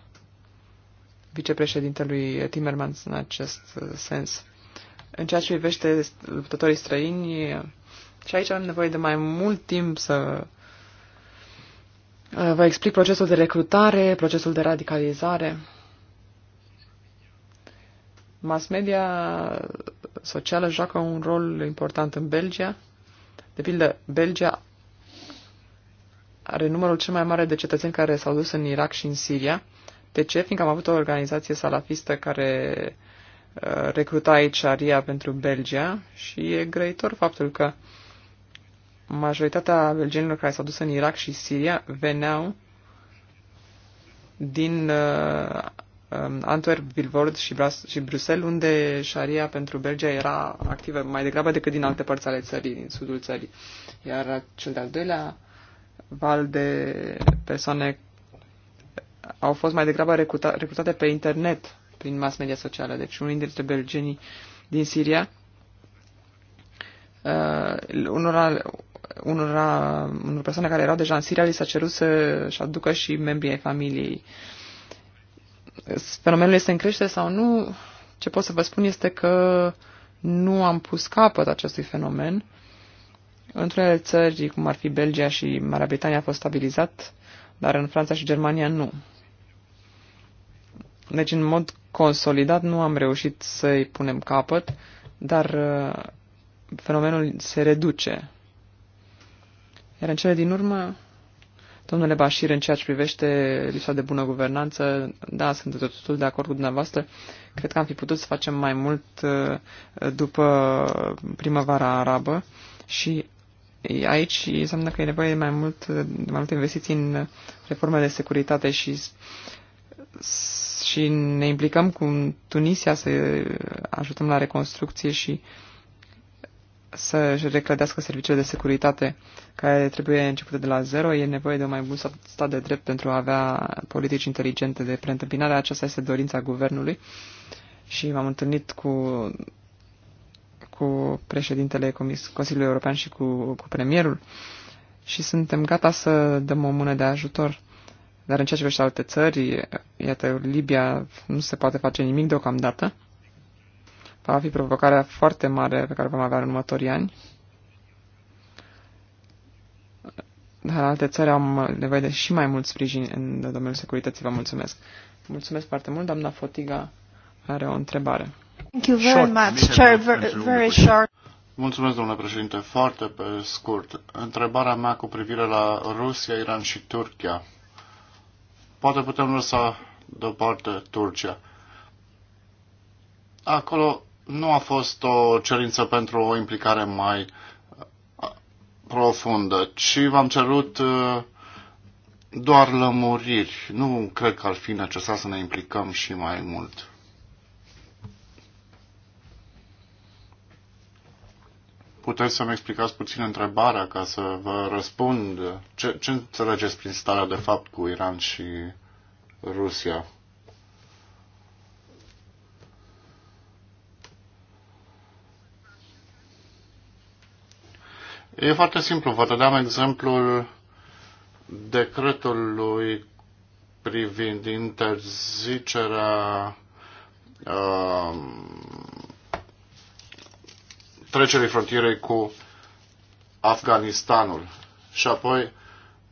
S1: vicepreședintelui Timmermans în acest uh, sens. În ceea ce privește luptătorii străini, și aici am nevoie de mai mult timp să uh, vă explic procesul de recrutare, procesul de radicalizare. Mass media socială joacă un rol important în Belgia. De pildă, Belgia are numărul cel mai mare de cetățeni care s-au dus în Irak și în Siria de ce? Fiindcă am avut o organizație salafistă care uh, recruta aici aria pentru Belgia și e grăitor faptul că majoritatea belgenilor care s-au dus în Irak și Siria veneau din uh, um, Antwerp, Vilvord și, Bras- și Bruxelles, unde șaria pentru Belgia era activă mai degrabă decât din alte părți ale țării, din sudul țării. Iar cel de-al doilea val de persoane au fost mai degrabă recruta, recrutate pe internet, prin mass media socială. Deci unii dintre belgenii din Siria, uh, unora, unora, unor persoane care erau deja în Siria, li s-a cerut să-și aducă și membrii ai familiei. Fenomenul este în creștere sau nu? Ce pot să vă spun este că nu am pus capăt acestui fenomen. Într-unele țări, cum ar fi Belgia și Marea Britanie, a fost stabilizat, dar în Franța și Germania nu. Deci, în mod consolidat, nu am reușit să-i punem capăt, dar uh, fenomenul se reduce. Iar în cele din urmă, domnule Bașir, în ceea ce privește lipsa de bună guvernanță, da, sunt totul de acord cu dumneavoastră, cred că am fi putut să facem mai mult uh, după primăvara arabă și aici înseamnă că e nevoie mai mult, de mai multe investiții în reforme de securitate și și ne implicăm cu Tunisia să ajutăm la reconstrucție și să reclădească serviciile de securitate care trebuie începute de la zero. E nevoie de un mai bun stat de drept pentru a avea politici inteligente de preîntâmpinare. Aceasta este dorința guvernului și m-am întâlnit cu, cu președintele Comis Consiliului European și cu, cu premierul și suntem gata să dăm o mână de ajutor dar în ceea ce privește alte țări, iată, Libia nu se poate face nimic deocamdată. Va fi provocarea foarte mare pe care vom avea în următorii ani. Dar alte țări am nevoie de și mai mult sprijin în domeniul securității. Vă mulțumesc. Mulțumesc foarte mult. Doamna Fotiga are o întrebare. Thank you very much, Chair. Very short.
S2: Mulțumesc, domnule președinte. Foarte pe scurt. Întrebarea mea cu privire la Rusia, Iran și Turcia poate putem lăsa deoparte Turcia. Acolo nu a fost o cerință pentru o implicare mai profundă, ci v-am cerut doar lămuriri. Nu cred că ar fi necesar să ne implicăm și mai mult. puteți să-mi explicați puțin întrebarea ca să vă răspund? Ce, ce înțelegeți prin starea de fapt cu Iran și Rusia? E foarte simplu. Vă dădeam exemplul decretului privind interzicerea uh, trecerii frontierei cu Afganistanul. Și apoi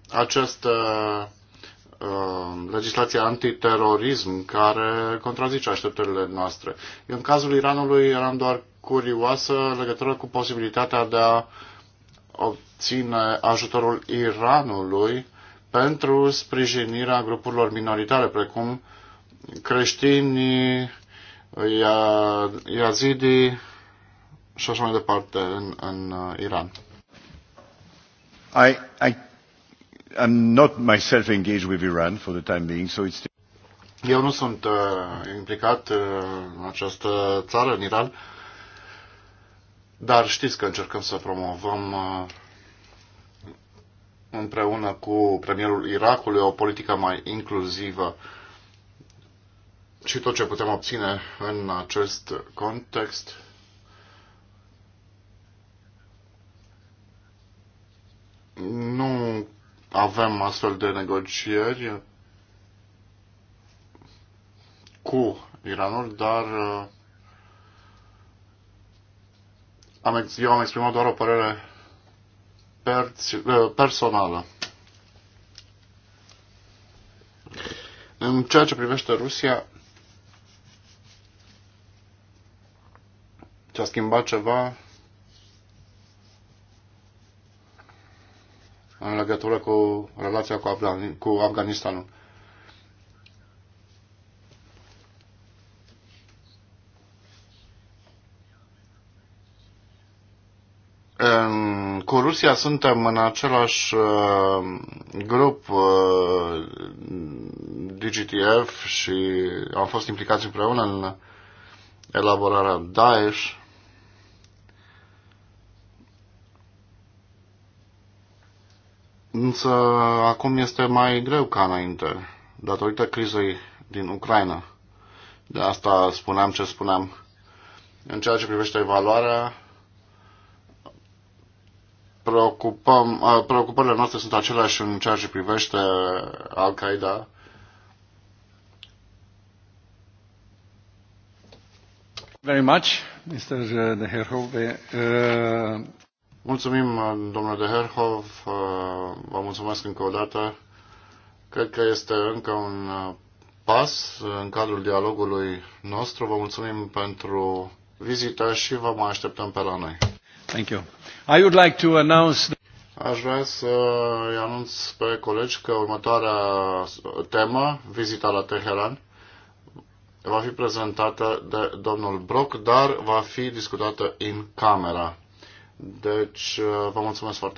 S2: această uh, legislație antiterorism care contrazice așteptările noastre. Eu, în cazul Iranului eram doar curioasă legătură cu posibilitatea de a obține ajutorul Iranului pentru sprijinirea grupurilor minoritare, precum creștinii, iazidii, și așa mai departe în, în uh, Iran. I, I I'm not myself engaged with Iran for the time being, so it's eu nu sunt uh, implicat uh, în această țară, în Iran, dar știți că încercăm să promovăm uh, împreună cu premierul Irakului o politică mai inclusivă și tot ce putem obține în acest context Nu avem astfel de negocieri cu Iranul, dar uh, am, eu am exprimat doar o părere uh, personală. În ceea ce privește Rusia, ce a schimbat ceva în legătură cu relația cu, Afgan, cu Afganistanul. Cu Rusia suntem în același uh, grup uh, DGTF și am fost implicați împreună în elaborarea Daesh. Însă acum este mai greu ca înainte, datorită crizei din Ucraina. De asta spuneam ce spuneam. În ceea ce privește evaluarea, preocupăm, preocupările noastre sunt aceleași în ceea ce privește Al-Qaeda. Very much, Mr. De Herhove. Uh... Mulțumim, uh, domnule de Herhov, uh, vă mulțumesc încă o dată. Cred că este încă un uh, pas în cadrul dialogului nostru. Vă mulțumim pentru vizită și vă mai așteptăm pe la noi. Thank you. I would like to announce Aș vrea să îi anunț pe colegi că următoarea temă, vizita la Teheran, va fi prezentată de domnul Brock, dar va fi discutată în camera. Deci, vă mulțumesc foarte